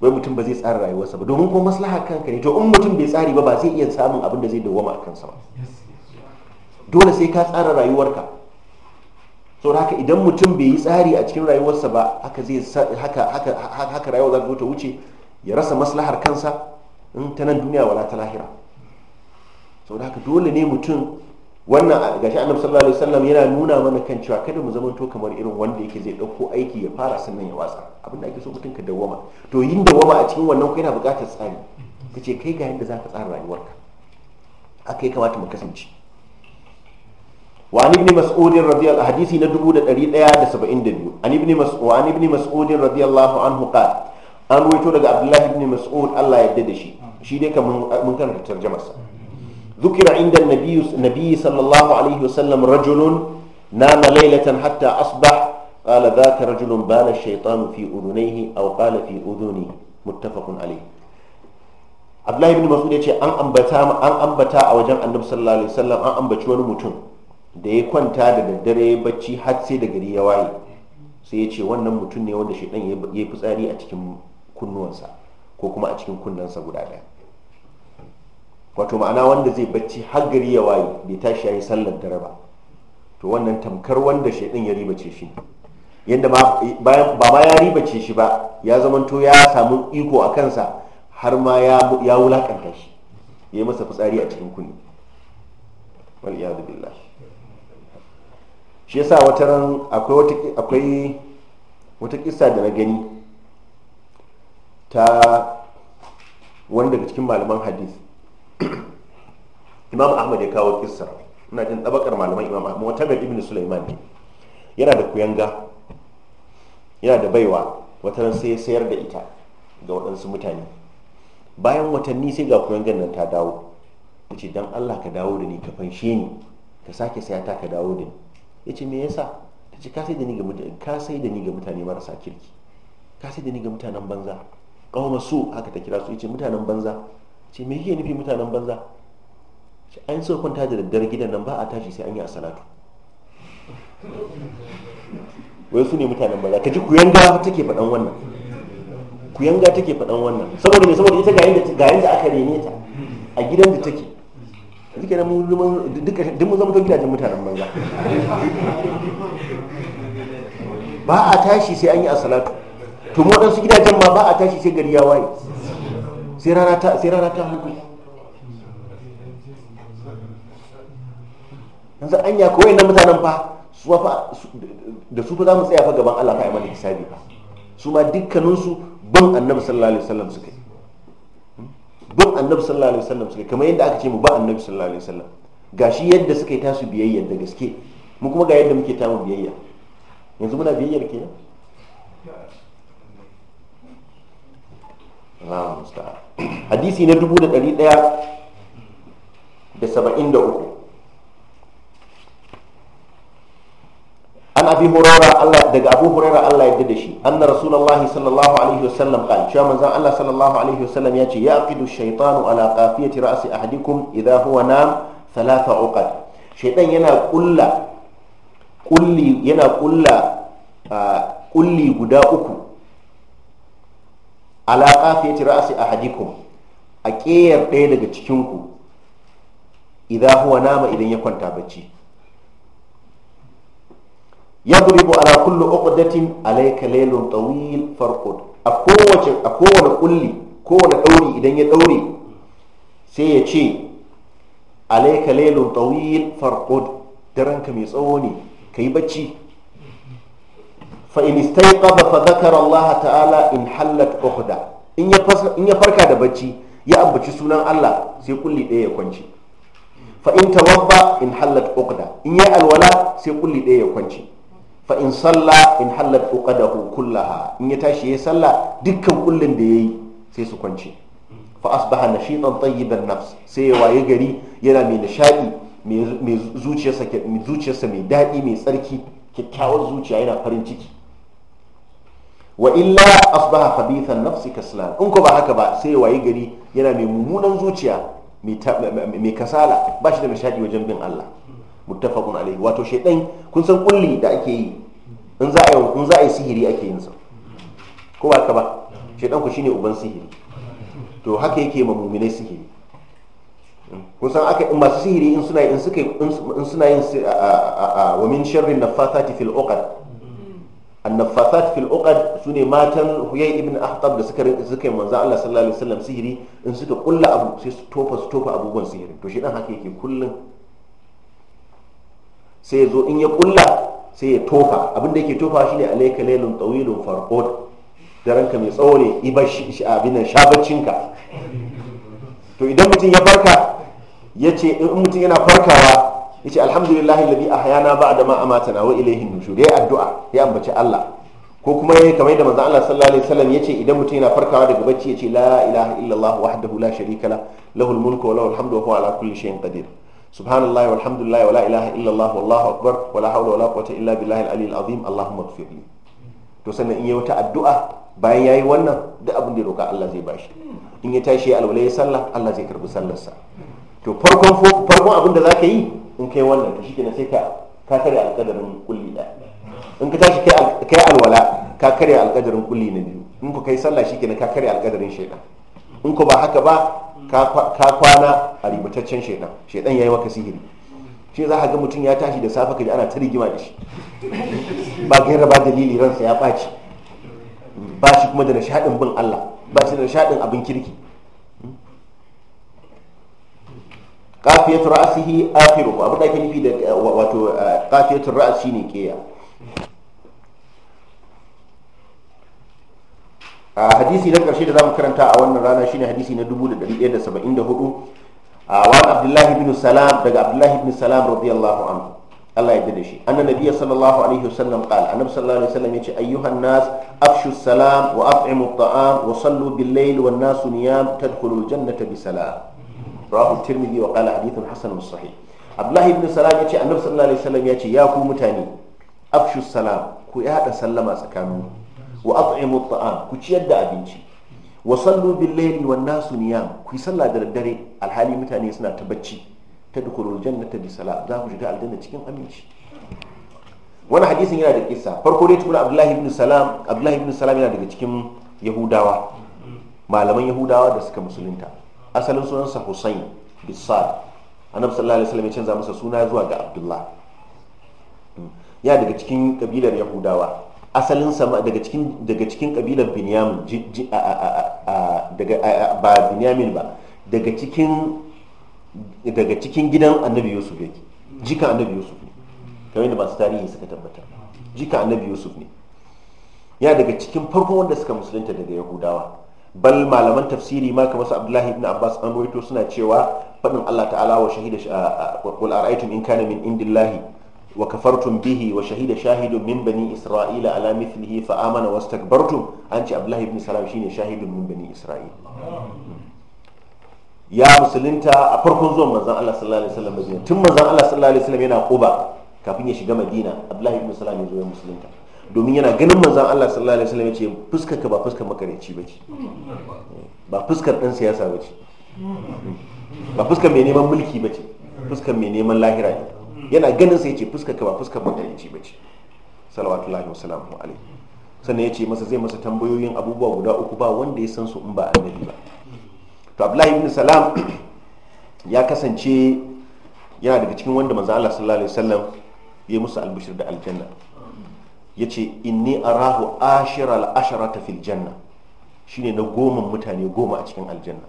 wai mutum ba zai tsara rayuwarsa ba domin kuma maslaha kanka ne to in mutum bai tsari ba ba zai iya samun abin da zai dawwama a kansa ba dole sai ka tsara rayuwarka so haka idan mutum bai yi tsari a cikin rayuwarsa ba haka zai haka haka haka rayuwa za ta wuce ya rasa maslahar kansa in ta nan duniya wala ta lahira sau da haka dole ne mutum wannan ga shi annabi sallallahu alaihi wasallam yana nuna mana kan cewa kada mu zama to kamar irin wanda yake zai dauko aiki ya fara sannan ya watsa abin da ake so mutum ka dawwama to yin dawwama a cikin wannan ko yana buƙatar tsari kace kai ga yadda zaka tsara rayuwarka haka ya kamata mu kasance وعن ابن مسعود رضي الله حديثي ندبو دا دري دايا دا سبعين دا بيو عن ابن مسعود وعن ابن مسعود رضي الله عنه قال an waito daga abdullahi ibn mas'ud Allah ya yarda da shi shi ne kamar mun karanta zukira inda عند النبي النبي صلى الله عليه وسلم hatta نام ليلة za ka rajulun ذاك رجل بال fi في a أو fi في أذني متفق عليه عبد الله بن مسعود an ambata an ambata a wajen Annabi sallallahu alaihi wasallam an ambaci wani mutum da ya kwanta da daddare bacci har sai da gari ya waye sai ya ce wannan mutum ne wanda shaidan ya yi fitsari a cikin kunnuwansa ko kuma a cikin kunnensa guda ɗaya wato ma'ana wanda zai bacci har gari ya waye bai tashi yayi sallar dare ba to wannan tamkar wanda shaidan ya ribace shi yadda ba ma ya ribace shi ba ya zamanto ya samu iko a kansa har ma ya wulakanta shi ya yi masa fitsari a cikin kuni wal iyadu billah shi yasa wata ran akwai akwai wata kissa da na gani ta wanda daga cikin malaman hadisi imam ahmad ya kawo kissa ina jin tabakar malaman imam ahmad wata ga ibn sulaiman ne yana da kuyanga yana da baiwa wata sai ya sayar da ita ga waɗansu mutane bayan watanni sai ga kuyangan nan ta dawo ya ce don allah ka dawo da ni ka fanshe ni ka sake saya ta ka dawo da ni ya ce me yasa ta ce ka sai da ni ga mutane marasa kirki ka sai da ni ga mutanen banza kawo masu haka ta kira su ya ce mutanen banza ce me yake nufi mutanen banza an so kwanta da daddare gidan nan ba a tashi sai an yi a salatu wai su ne mutanen banza ka ji kuyanga take faɗan wannan kuyanga take faɗan wannan saboda me saboda ita ga yanda aka rene ta a gidan da take duka da mun duk mun zama gidajen mutanen banza ba a tashi sai an yi a salatu to mu waɗansu gidajen ma ba a tashi sai gari ya waye sai rana ta sai yanzu an muku yanzu anya mutanen fa da su fa za mu tsaya fa gaban Allah fa ai mana hisabi fa su ma dukkanin su bin annabi sallallahu alaihi wasallam suka bin annabi sallallahu alaihi wasallam suka kamar yadda aka ce mu ba annabi sallallahu alaihi wasallam gashi yadda suka yi tasu biyayya da gaske mu kuma ga yadda muke tamu biyayya yanzu muna biyayyar kenan Allah musta'an hadisi na dubu da ɗari ɗaya da saba'in da uku an abi hurara Allah daga abu hurara Allah ya da shi anna rasulullahi sallallahu alaihi wasallam kan cewa manzon Allah sallallahu alaihi wasallam ya ce ya aqidu shaytanu ala qafiyati ra'si ahadikum idha huwa nam thalatha uqad shaytan yana kulla kulli yana kulla kulli ah, guda uku alaƙa fiye ra'si ra'asi a ƙeyar ɗaya daga cikinku idan huwa nama idan ya kwanta bacci ya yadribu ala kulli uqdatin alayka laylun tawil farqud a kowace a kowane kulli kowane dauri idan ya daure sai ya ce alayka laylun tawil farqud daren mai tsawo ne kai bacci fain in istayqadha fa dhakara Allah ta'ala in hallat uhda in ya farka da bacci ya ambaci sunan Allah sai kulli ɗaya ya kwanci fa'in ta tawabba in hallat uqda in ya alwala sai kulli ɗaya ya kwanci fain in salla in hallat uqadahu kullaha in ya tashi ya salla dukkan kullin da yayi sai su kwanci fa asbaha nashitan tayyiban nafs sai ya waye gari yana mai nishaɗi mai zuciyarsa mai daɗi mai tsarki kyakkyawar zuciya yana farin ciki wa illa asbaha khabithan nafsi kaslan in ko ba haka ba sai wayi gari yana mai mummunan zuciya mai kasala ba shi da nishadi wajen bin Allah muttafaqun alaihi wato shaydan kun san kulli da ake yi in za a in za a yi sihiri ake yin sa ko ba ka ba shaydan ku shine uban sihiri to haka yake ma mu'minai sihiri kun san aka in masu sihiri in suna in suka in suna yin wa min sharri nafathati fil uqad annafasat fil uqad sune matan huyay ibn ahtab da suka suka yi manzo Allah sallallahu alaihi wasallam sihiri in suka kulla abu sai su tofa su tofa abubuwan sihirin to shi dan haka yake kullun sai ya zo in ya kulla sai ya tofa abinda yake tofa shine alayka laylun tawilun farqud daranka mai tsawo ne ibashi shi abin shabaccinka to idan mutum ya farka yace in mutum yana farkawa yace alhamdulillahi alladhi ahyana ba'da ma amatana wa ilayhi nushur yayi addu'a ya ambaci Allah ko kuma yayi kamar da manzon Allah sallallahu alaihi wasallam yace idan mutum yana farkawa daga bacci yace la ilaha illallah wahdahu la sharika la lahul mulku wa lahul hamdu wa huwa ala kulli shay'in qadir subhanallahi walhamdulillahi wa la ilaha illallah wallahu akbar wa la hawla wa la quwwata illa billahi al-aliyyil azim allahumma ighfirli to sannan in yayi wata addu'a bayan ya yi wannan duk abin da ya roƙa Allah zai bashi in ya tashi ya alwala ya sallah Allah zai karbi sallarsa to farkon farkon abin da za yi in kai wannan shike na sai ka ka karya alƙadarin kulli da in ka tashi kai alwala ka karya alƙadarin kulli na biyu in ku kai sallah na ka karya alƙadarin shaidan in ku ba haka ba ka kwana a ribataccen shaidan shaidan yayi maka sihiri shi za ka ga mutum ya tashi da safe ji ana ta rigima da shi ba yi ba dalili ransa ya ɓaci ba shi kuma da shaɗin bin Allah ba shi da shaɗin abin kirki kafiyatu ra'sihi akhiruhu abin da ake nufi da eh, wato eh, kafiyatu ra's shine keya a hadisi na karshe da zamu karanta a wannan rana shine hadisi na 1174 a wani abdullahi bin salam daga abdullahi bin salam radiyallahu anhu Allah ya da shi annan nabiya sallallahu alaihi wasallam qala annabi sallallahu alaihi wasallam yace ayyuhan nas afshu salam wa at'imu at'am wa sallu bil layl wan nasu niyam tadkhulul jannata bi salam rahu tirmidhi wa qala hadithun hasanun sahih abdullahi ibn salam yace annabi sallallahu alaihi wasallam yace ya ku mutane afshu salam ku yada sallama tsakanin wa at'imu at'am ku ciyar da abinci wa sallu bil layli wan nasu niyam ku sallah da daddare alhali mutane suna ta bacci tadkhulul jannata bi salam za ku shiga aljanna cikin aminci wani hadisin yana da kisa farko dai tukuna abdullahi ibn salam abdullahi ibn salam yana daga cikin yahudawa malaman yahudawa da suka musulunta asalin sunansa Hussein bisad annabi sallallahu alaihi wasallam ya canza masa suna zuwa ga Abdullah hmm. ya daga cikin kabilar Yahudawa asalin sama daga cikin daga cikin kabilar Binyamin daga ba Binyamin ba daga cikin daga cikin gidan annabi Yusuf yake jika annabi Yusuf ne kamar yadda masu tarihi suka tabbatar jika annabi Yusuf ne ya daga cikin farkon wanda suka musulunta daga Yahudawa bal malaman tafsiri ma kamar su abdullahi ibn abbas an ruwaito suna cewa fadin allah ta'ala wa shahida qul ara'aytum in kana min indillahi wa kafartum bihi wa shahida shahidun min bani isra'ila ala mithlihi fa amana wastakbartum an ce abdullahi ibn salam shine shahidun min bani isra'ila ya musulunta a farkon zuwan manzon allah sallallahu alaihi wasallam madina tun manzon allah sallallahu alaihi wasallam yana quba kafin ya shiga madina abdullahi ibn salam ya zo ya musulunta domin yana ganin manzan Allah sallallahu alaihi wasallam ce fuskar ka ba fuskar makareci bace ba fuskar ɗan siyasa bace ba fuskar mai neman mulki bace fuskar mai neman lahira ne yana ganin sai ce fuskar ka ba fuskar makareci bace salawatullahi wa salamu alaihi sannan ce masa zai masa tambayoyin abubuwa guda uku ba wanda ya san su in ba annabi ba to Abdullahi ibn Salam ya kasance yana daga cikin wanda manzan Allah sallallahu alaihi wasallam ya musu albishir da aljanna ya ce inni arahu ashiral ta fil janna shine na goman mutane goma a cikin aljanna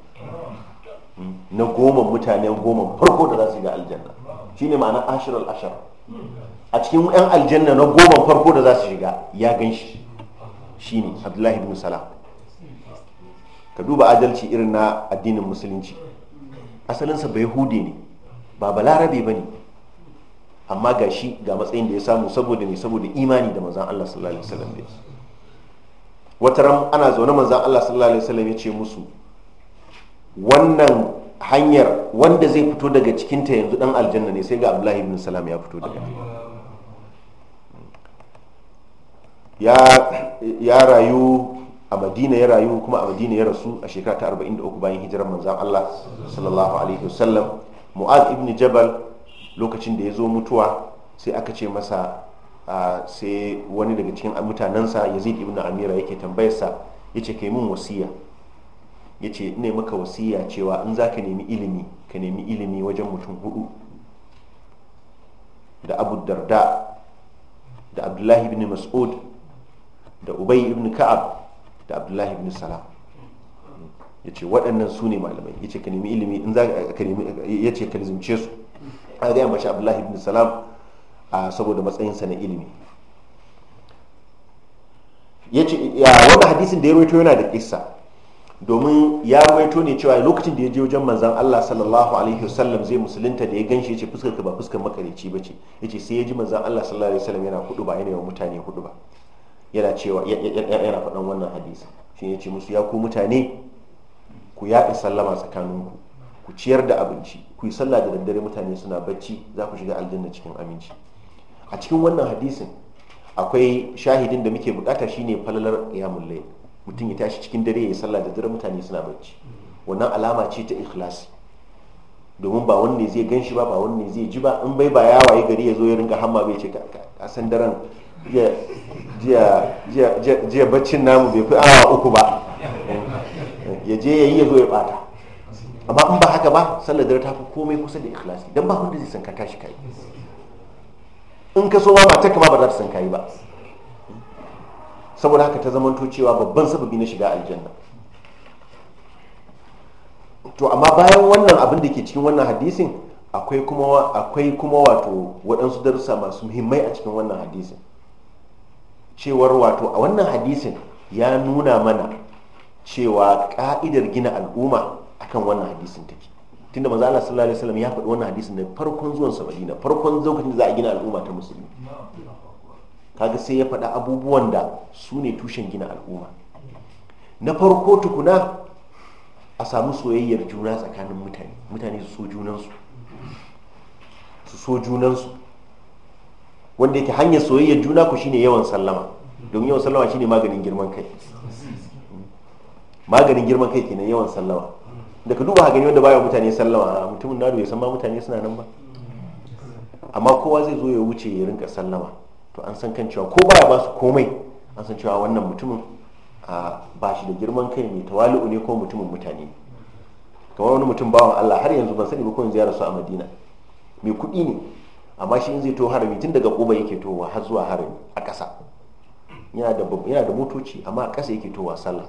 hmm. na goman mutane goma farko da za su ga aljanna shine ma'ana ashiral ashara a cikin yan aljanna na goman farko da za su shiga ya gan shi Shi ne abdullahi ibn salam ka duba adalci irin na addinin musulunci asalinsa bai hude ne ba balarabe ba ne amma ga shi ga matsayin da ya samu saboda ne saboda imani da manzan Allah sallallahu alaihi wasallam da wata ran ana zaune manzan Allah sallallahu alaihi wasallam ya ce musu wannan hanyar wanda zai fito daga cikinta yanzu dan aljanna ne sai ga Abdullahi ibn Salam ya fito daga ya ya rayu a Madina ya rayu kuma a Madina ya rasu a shekara ta 43 bayan hijirar manzan Allah sallallahu alaihi wasallam Mu'az ibn Jabal lokacin da ya zo mutuwa sai aka ce masa sai wani daga cikin mutanensa yazid ibn amira yake tambayarsa ya ce ka yi min wasiya ya ce ne maka wasiya cewa in za ka nemi ilimi ka nemi ilimi wajen mutum hudu da abu darda da abdullahi ibn mas'ud da ubay ibn ka'ab da abdullahi ibn salam ya ce waɗannan su ne malamai ya ce ka nemi ilimi in za ka nemi ya ce ka nizimce su a gaya mashi abdullahi ibn salam a saboda matsayinsa na ilimi ya wanda hadisin da ya rawaito yana da kissa domin ya rawaito ne cewa lokacin da ya je wajen manzan Allah sallallahu alaihi wasallam zai musulunta da ya ganshi yace fuskar ka ba fuskar makareci Ya ce sai ya ji manzan Allah sallallahu alaihi wasallam yana hudu ba yana yawan mutane hudu ba yana cewa yana faɗan wannan hadisi shi ce musu ya ku mutane ku yaɗa sallama tsakaninku ku ciyar da abinci ku yi sallah da daddare mutane suna bacci za ku shiga aljanna cikin aminci a cikin wannan hadisin akwai shahidin da muke bukata shine falalar qiyamul layl mutum ya tashi cikin dare ya yi sallah da dare mutane suna bacci wannan alama ce ta ikhlasi domin ba wanne zai gan shi ba ba wanne zai ji ba in bai ba ya waye gari ya zo ya ringa hamma bai ce ka san daren jiya baccin namu bai fi awa uku ba eh, eh, ya je ya yi ya zo ya bata amma in ba haka ba sallar dare ta fi komai kusa da ikhlasi dan ba wanda zai san ka tashi kai in ka so ba ba taka ma ba za ta san kai ba saboda haka ta zamanto cewa babban sababi na shiga aljanna to amma bayan wannan abin da ke cikin wannan hadisin akwai kuma akwai kuma wato waɗansu darussa masu muhimmai a cikin wannan hadisin cewar wato a wannan hadisin ya nuna mana cewa ka'idar gina al'umma kan wannan hadisin take tunda manzo Allah sallallahu alaihi wasallam ya faɗi wannan hadisin da farkon zuwan sa Madina farkon lokacin da za a gina al'umma ta musulmi kaga sai ya faɗa abubuwan da su ne tushen gina al'umma na farko tukuna a samu soyayyar juna tsakanin mutane mutane su so junansu su so junansu wanda yake hanyar soyayyar juna ku shine yawan sallama domin yawan sallama shine maganin girman kai maganin girman kai kenan yawan sallama da ka duba gani wanda baya mutane sallama mutumin nado ya san ma mutane suna nan ba amma kowa zai zo ya wuce ya rinka sallama to an san kan cewa ko baya ba su komai an san cewa wannan mutumin ba shi da girman kai mai tawali'u ne ko mutumin mutane kamar wani mutum bawan Allah har yanzu ban sani ba ko in ya rasu a Madina mai kuɗi ne amma shi in zai to harami tun daga Kuba yake towa har zuwa harami a ƙasa yana da motoci amma a ƙasa yake towa sallah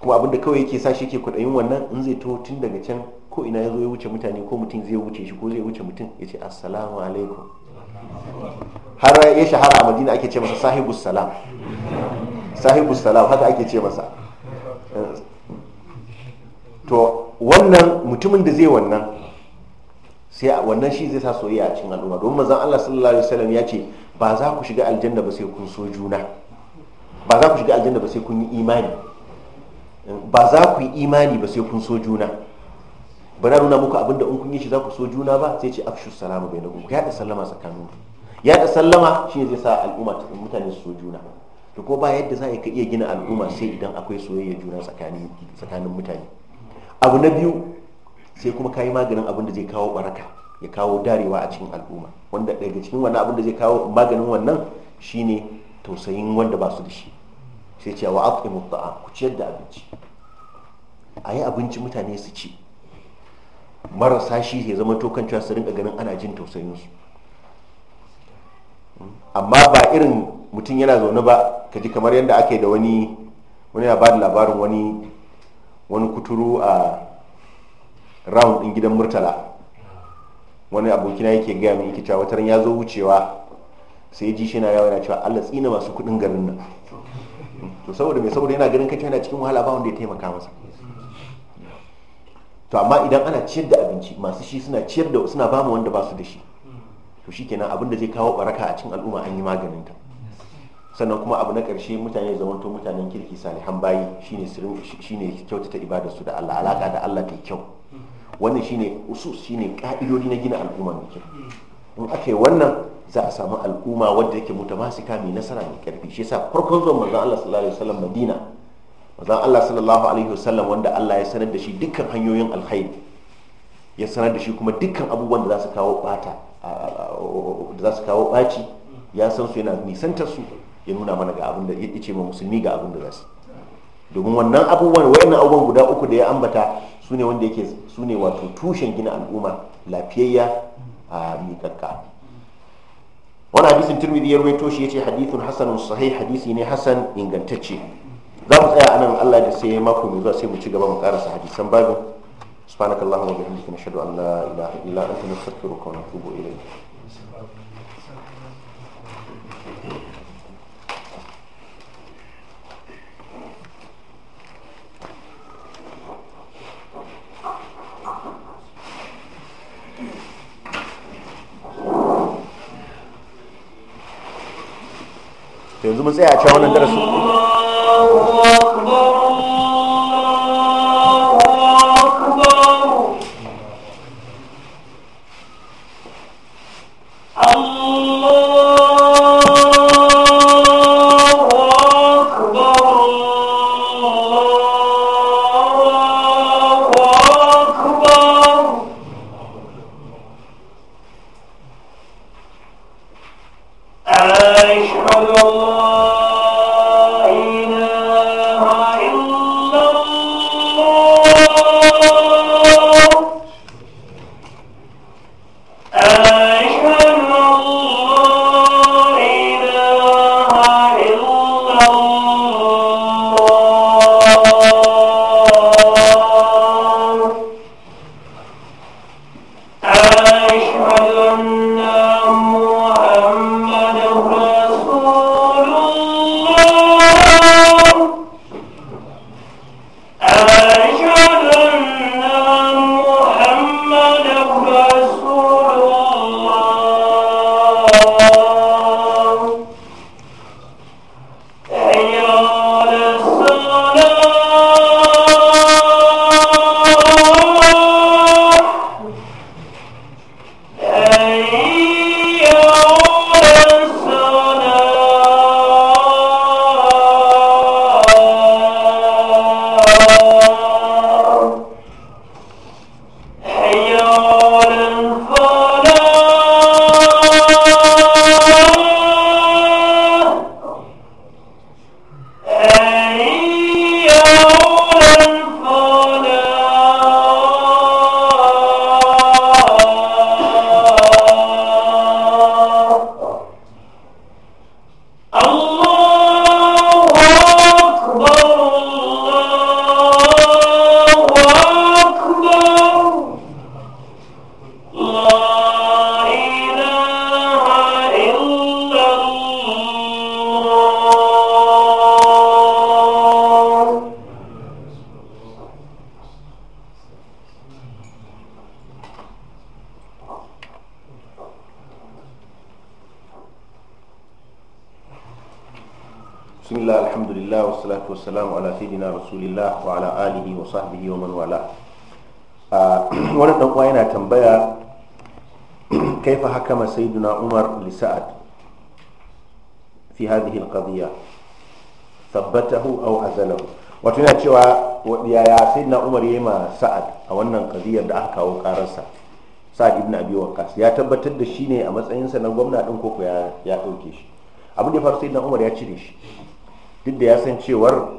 kuma abin da kawai yake sa shi ke kwaɗayin wannan in zai to tun daga can ko ina ya zo ya wuce mutane ko mutum zai wuce shi ko zai wuce mutum ya ce assalamu alaikum har ya shahara a madina ake ce masa sahibus salam sahibus salam haka ake ce masa to wannan mutumin da zai wannan sai wannan shi zai sa soyayya a cikin al'umma domin manzon Allah sallallahu alaihi wasallam ya ce ba za ku shiga aljanna ba sai kun so juna ba za ku shiga aljanna ba sai kun yi imani ba za ku yi imani ba sai kun so juna ba na nuna muku abinda in kun yi shi za ku so juna ba sai ce afshu salama bai na ku da sallama tsakanin ku da sallama shine zai sa al'umma ta mutane su so juna to ko ba yadda za ka iya gina al'umma sai idan akwai soyayya juna tsakanin tsakanin mutane abu na biyu sai kuma ka yi maganin abin da zai kawo baraka ya kawo darewa a cikin al'umma wanda daga cikin wannan abin da zai kawo maganin wannan shine tausayin wanda ba su da shi sai ce wa imu ku ciyar da abinci a yi abinci mutane su ci marasa shi ya zama tokan cewa su rinka ganin ana jin tausayin su amma ba irin mutum yana zaune ba ka ji kamar yadda ake da wani wani ya da labarin wani wani kuturu a round din gidan murtala wani abokina yake gaya min yake wataran ya zo wucewa sai ji shi na yawa yana cewa allah tsina masu kudin garin nan to saboda mai saboda yana ganin kacce yana cikin wahala ba wanda ya taimaka masa to amma idan ana ciyar da abinci masu shi suna ciyar da suna ba wanda ba su da shi to shikenan abin da zai kawo baraka a cikin al'umma an yi maganin ta sannan kuma abu na karshe mutane zamanto mutanen kirki salihan bayi shine shine kyautata ibadar su da Allah alaka da Allah ta kyau wannan shine usus shine ka'idodi na gina al'umma mai in aka yi wannan za a samu al'umma wadda yake mutu su kame nasara mai karfi shi yasa farkon zuwa manzon Allah sallallahu alaihi wasallam Madina manzon Allah sallallahu alaihi wasallam wanda Allah ya sanar da shi dukkan hanyoyin alkhairi ya sanar da shi kuma dukkan abubuwan da za su kawo bata da za su kawo baci ya san su yana nisantar su ya nuna mana ga abin da ya ce ma musulmi ga abin da za su domin wannan abubuwan wayannan abubuwan guda uku da ya ambata su ne wanda yake su ne wato tushen gina al'umma lafiyayya a miƙaƙƙa wani hadisin turmidi ya rawaito shi yace hadithun hasanun sahih hadisi ne hasan ingantacce za mu tsaya anan Allah da sai mako mai zuwa sai mu ci gaba mu karasa hadisan babin subhanakallahumma wa bihamdika nashhadu an la ilaha illa anta nastaghfiruka wa natubu ilayk yanzu mu tsaya a wannan darasin rasulillah wa ala alihi wa sahbihi wa man wala ah, wani dan uwa yana tambaya kaifa ma sayyiduna umar li sa'ad fi hadhihi alqadiyya thabbatahu aw azalahu wato yana cewa ya sayyidina umar yayi ma sa'ad a wannan qadiyar da aka kawo kararsa sa'ad ibn abi waqqas ya tabbatar da shi ne a matsayinsa na gwamna din koko ya ya dauke shi abin da ya faru sayyidina umar ya cire shi duk da ya san cewar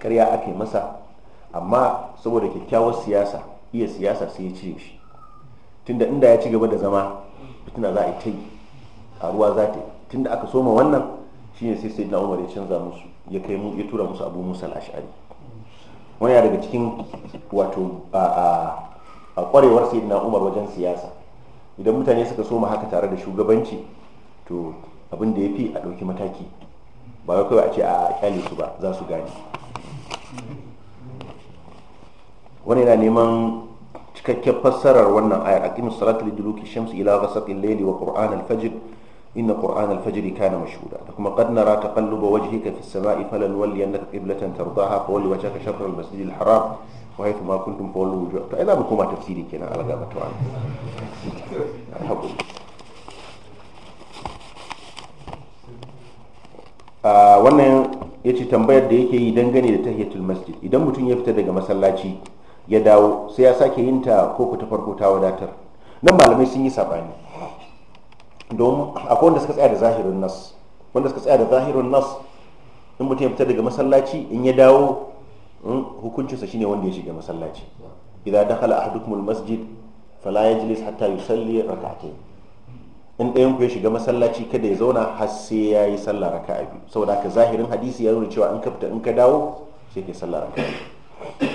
karya aka yi masa amma saboda kyakkyawar siyasa iya siyasa sai ya cire shi tunda inda ya ci gaba da zama fitina za a yi ta yi karuwa za ta yi tunda aka soma wannan shine sai sai umar ya canza musu ya kai mu ya tura musu abu musa al'ashari wani daga cikin wato a kwarewar sai umar wajen siyasa idan mutane suka soma haka tare da shugabanci to abin da ya fi a ɗauki mataki ba wai kawai a ce a kyale su ba za su gane wani yana neman cikakken fassarar wannan ayar aqimus salata liduluki shamsi ila ghasaqi al-layli wa qur'an al-fajr inna qur'an al-fajr kana mashhuda da kuma qad nara taqalluba wajhika fi as-sama'i falanwalliyannaka qiblatan tardaha fawalli wajhaka shatr al-masjid al-haram wa haythu ma kuntum fawallu wujuhakum to ai za mu koma tafsiri kenan alaga to an wannan ya tambayar da yake yi dangane da tahiyatul masjid idan mutum ya fita daga masallaci ya dawo sai ya sake yin ta ku ta farko ta wadatar nan malamai sun yi sabani don akwai wanda suka tsaya da zahirin nas wanda suka tsaya da zahirin nas in mutum ya fita daga masallaci in ya dawo hmm, hukuncinsa shine wanda ya shiga masallaci idan dakhala ahadukum masjid fala yajlis hatta yusalli rak'atayn in ɗayan ku ya shiga masallaci kada ya zauna har sai ya yi sallah raka'a biyu saboda haka zahirin hadisi ya nuna cewa in ka fita in ka dawo sai ka yi sallah raka'a biyu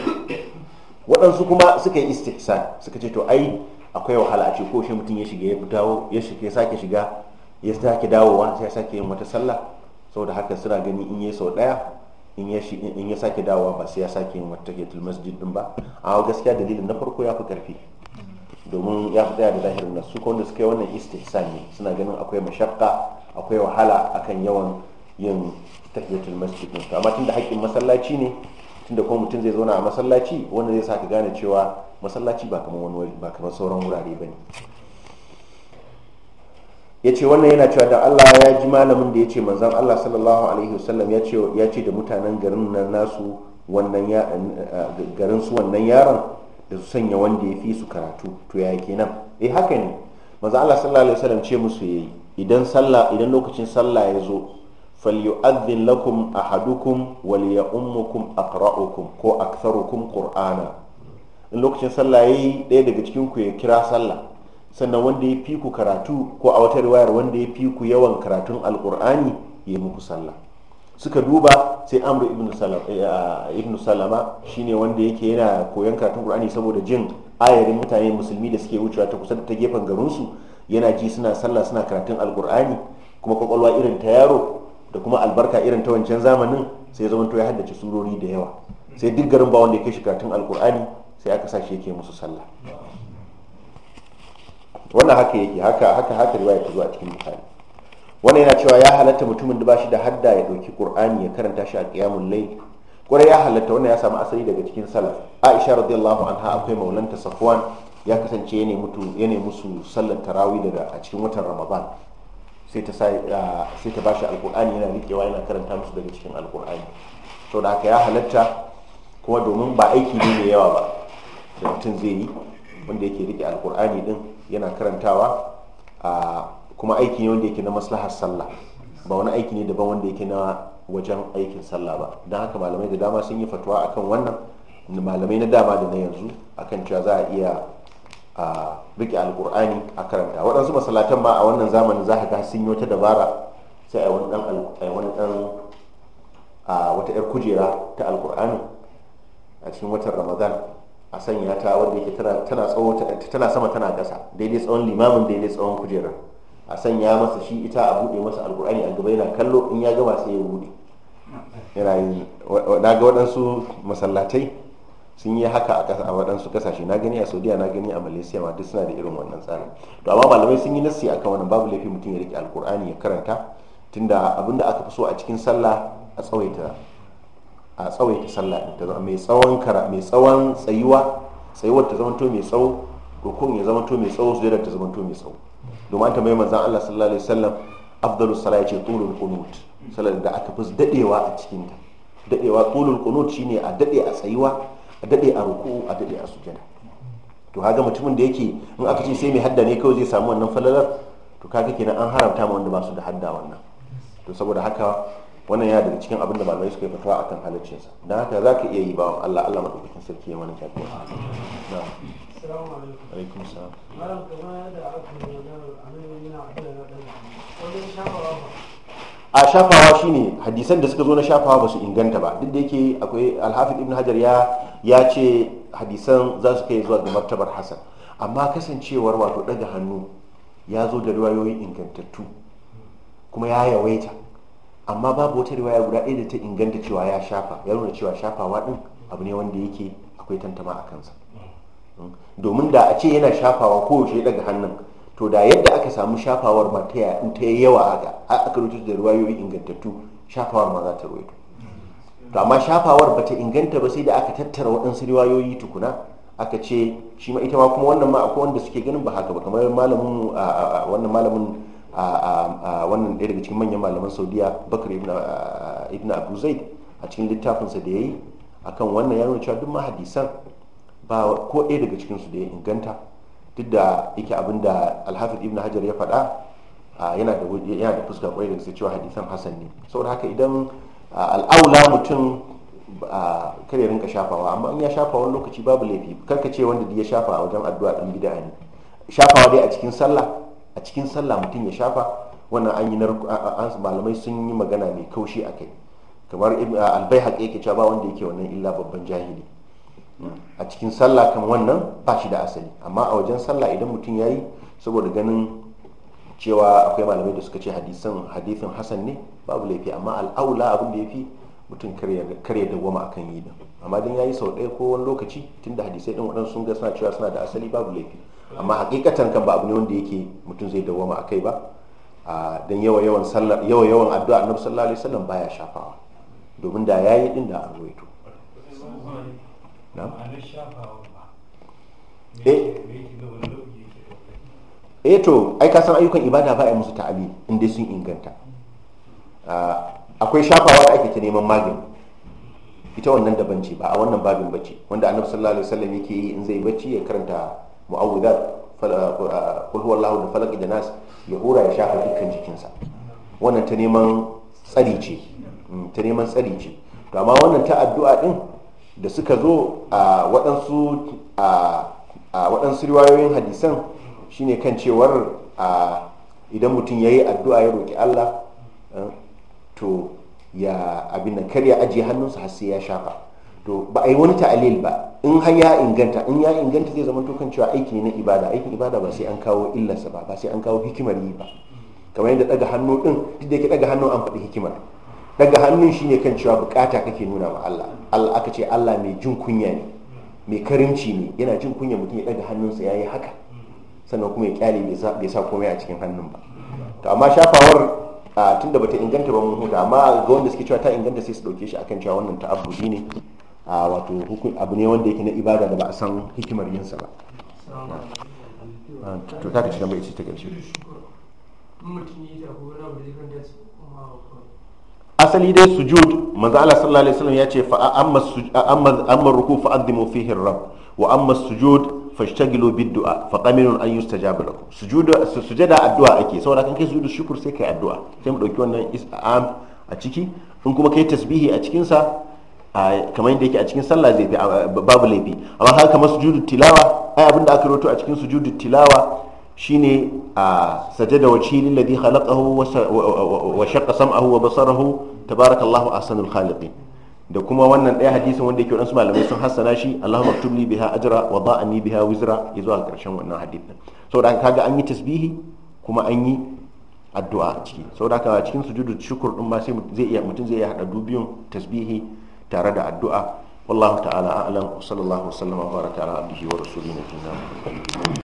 waɗansu kuma suka yi istihsan suka ce to ai akwai wahala a ce ko shi mutum ya shiga ya fitawo ya shiga sake shiga ya sake dawowa sai sake yin wata sallah saboda haka suna gani in ya sau daya in ya sake dawowa ba sai ya sake yin wata tahiyatul masjid din ba amma gaskiya dalilin na farko ya fi karfi domin ya fi tsaya da zahirin na su wanda suka yi wannan istihsan ne suna ganin akwai mashakka akwai wahala akan yawan yin tahiyatul masjid din amma tunda haƙƙin masallaci ne tunda kuma mutum zai zauna a masallaci wanda zai sa ka gane cewa masallaci ba kamar wani ba kamar sauran wurare ba ne ya ce wannan yana cewa da allah ya ji malamin da ya ce manzan allah sallallahu alaihi wasallam ya ce da mutanen garin nan nasu wannan garin su wannan yaron da su sanya wanda ya fi su karatu to ya kenan eh haka ne manzan allah sallallahu alaihi wasallam ce musu ya yi idan lokacin sallah ya zo فليؤذن lakum ahadukum وليأمكم أقرأكم ko أكثركم qur'ana in lokacin sallah yayi ɗaya daga cikin ku ya kira sallah sannan wanda ya fi ku karatu ko a wata riwayar wanda ya fi ku yawan karatun alqur'ani ya suka duba sai amru ibnu salama, salama shine wanda yake yana koyon karatun qur'ani saboda jin ayarin mutane musulmi da suke wucewa ta kusa ta gefen garinsu yana ji suna sallah suna karatun alqur'ani kuma kwakwalwa irin ta yaro da kuma albarka irin ta wancan zamanin sai zama to ya haddace surori da yawa sai duk garin ba wanda ya kai shi alkur'ani sai aka sa shi yake musu sallah wannan haka yake haka haka haka riwaya ta zo a cikin bukhari wannan yana cewa ya halatta mutumin da bashi da hadda ya dauki qur'ani ya karanta shi a qiyamul layl kwarai ya halatta wannan ya samu asali daga cikin salaf aisha radiyallahu anha akwai maulanta safwan ya kasance ya nemi musu sallar tarawih daga a cikin watan ramadan Ah, sai ta bashi alkur'ani yana riƙewa yana karanta musu daga cikin alkur'ani to da aka ya halatta kuma domin ba aiki ne mai yawa ba da mutum zai yi wanda yake riƙe alkur'ani din yana karantawa ah, kuma aiki ne wanda yake na maslahar sallah ba wani aiki ne daban wanda yake na wajen aikin sallah ba don haka malamai da dama sun yi fatuwa akan wannan malamai na dama da na yanzu akan cewa za a iya a rike alkur'ani a karanta waɗansu masalatan ba a wannan zamanin za ka ga sun yi wata dabara sai a wani ɗan a wata 'yar kujera ta alkur'ani a cikin watan ramadan a sanya ta wanda yake tana sama tana ƙasa daidai tsawon limamin daidai tsawon kujera a sanya masa shi ita a buɗe masa alkur'ani a gaba yana kallo in ya gama sai ya buɗe yana yi na ga waɗansu masallatai sun yi haka a a waɗansu kasashe na gani a saudiya na gani a malaysia ma duk suna da irin wannan tsarin to amma malamai sun yi nassi akan wannan babu laifi mutum ya rike alkur'ani ya karanta tunda abinda aka fi so a cikin sallah a tsawaita a tsawaita sallah ta mai tsawon kara mai tsawon tsayuwa tsayuwar ta zamanto mai tsawo rukun ya zamanto mai tsawo sujada ta zamanto mai tsawo domin ta mai manzon Allah sallallahu alaihi wasallam afdalus sala yace tulul qunut sallar da aka fi dadewa a cikin ta dadewa tulul qunut shine a dade a tsayuwa a daɗe a ruku a daɗe a sujada to kaga mutumin da yake in aka ce sai mai hadda ne kawai zai samu wannan falalar to kaga kenan an haramta ma wanda ba su da hadda wannan to saboda haka wannan ya daga cikin abin da malamai suka yi fatawa akan halaccinsa don haka za ka iya yi bawan Allah Allah maɗaukakin sarki ya mana jagora na alaikum salam malam aka yi a yana da shawara a shafawa shine hadisan da suka zo na shafawa ba su inganta ba duk da yake akwai alhafin ibn hajar ya ce hadisan za su kai zuwa ga martabar hasan amma kasancewar wato daga hannu ya zo da riwayoyi ingantattu kuma ya yawaita amma babu wata riwaya guda ɗaya da ta inganta cewa ya shafa ya nuna cewa shafawa ɗin abu ne wanda yake akwai tantama a kansa hmm. domin da a ce yana shafawa koyaushe daga hannun to da yadda aka samu shafawar mataya in ta yawa haka aka rubuta da ruwayoyi ingantattu shafawar ma za ta ruwaito to amma shafawar bata inganta ba sai da aka tattara waɗansu riwayoyi tukuna aka ce shi ma ita ma kuma wannan ma akwai wanda suke ganin ba haka ba kamar malamin wannan malamin wannan ɗaya daga cikin manyan malaman saudiya bakar ibn abu a cikin littafinsa da ya yi akan wannan ya nuna cewa duk mahadisan ba ko ɗaya daga cikinsu da ya inganta duk da yake abin da Alhafi ibn hajar ya faɗa yana da yana da fuskar da cewa hadisan hasan ne saboda haka idan al'aula mutum kar ya rinka shafawa amma in ya shafa wani lokaci babu laifi karka ce wanda ya shafa a wajen addu'a dan gida ne shafawa dai a cikin sallah a cikin sallah mutum ya shafa wannan an yi malamai sun yi magana mai kaushi a kai kamar albai haƙe yake cewa ba wanda yake wannan illa babban jahili a cikin sallah kan wannan ba shi da asali amma a wajen sallah idan mutum ya yi saboda ganin cewa akwai malamai da suka ce hadisan hadithin hasan ne babu laifi amma al'aula abin da ya fi mutum karya dawwama a kan yi da amma don ya yi sau ɗaya ko wani lokaci tun da hadisai ɗin waɗansu sun ga suna cewa suna da asali babu laifi amma hakikatan kan ba abu ne wanda yake mutum zai dawwama a kai ba don yawan yawan addu'a annabi sallallahu alaihi wasallam baya shafawa domin da ya yi ɗin da an ruwaito na to ai ka san ayyukan ibada ba a yi musu ta'abi in dai sun inganta akwai shafawa da ake ta neman magani ita wannan da banci ba a wannan babin bacci wanda annabi sallallahu alaihi wasallam yake yi in zai bacci ya karanta mu'awwidat kul huwallahu da falaq da nas ya hura ya shafa dukkan jikinsa wannan ta neman tsari ce ta neman tsari ce to amma wannan ta addu'a din da suka zo a waɗansu a waɗansu riwayoyin hadisan shine kan cewar idan mutum ya yi addu'a ya roƙi Allah to ya abin nan kar ya ajiye hannunsa har sai ya shafa to ba a yi wani ta'alil ba in har ya inganta in ya inganta zai zama kan cewa aiki na ibada aikin ibada ba sai an kawo illarsa ba ba sai an kawo hikimar yi ba kamar yadda daga hannu din duk da yake daga hannu an faɗi hikimar daga hannun shine kan cewa bukata kake nuna ma Allah Allah aka ce Allah mai jin kunya ne mai karimci ne yana jin kunya mutum ya daga hannunsa ya yi haka sannan kuma ya kyale bai sa komai a cikin hannun ba to amma shafawar a tunda bata inganta ba mun huta amma ga wanda suke cewa ta inganta sai su dauke shi akan cewa wannan ta'abbudi ne a wato abu ne wanda yake na ibada da ba a san hikimar yin sa ba to ta ka ci gaba ita ta karshe mutum kuma asali dai sujud manzo Allah sallallahu alaihi wasallam ya ce fa amma amma amma ruku fa addimu fihi rabb wa amma sujud fashtagilu bid du'a fa qaminun an yustajab lakum sujud sujada addu'a ake saboda kan kai sujudu shukr sai kai addu'a sai mu dauki wannan is'am a ciki in kuma kai tasbihi a cikin sa kamar yadda yake a cikin sallah zai babu laifi amma haka kamar sujud tilawa ai abinda aka roto a cikin sujud tilawa shine a sajada wajhi ladi khalaqahu wa shaqqa sam'ahu wa basarahu tabarakallahu ahsanul khaliqin da kuma wannan daya hadisin wanda yake wadansu malamai sun hassana shi Allahumma aktub li biha ajra wa da'ani biha wizra zuwa karshen wannan hadisin saboda an kaga an yi tasbihi kuma an yi addu'a a ciki saboda a cikin sujudu shukur din ma sai zai iya mutum zai iya hada dubiyun tasbihi tare da addu'a wallahu ta'ala a sallallahu alaihi wa sallam wa baraka ala abdihi wa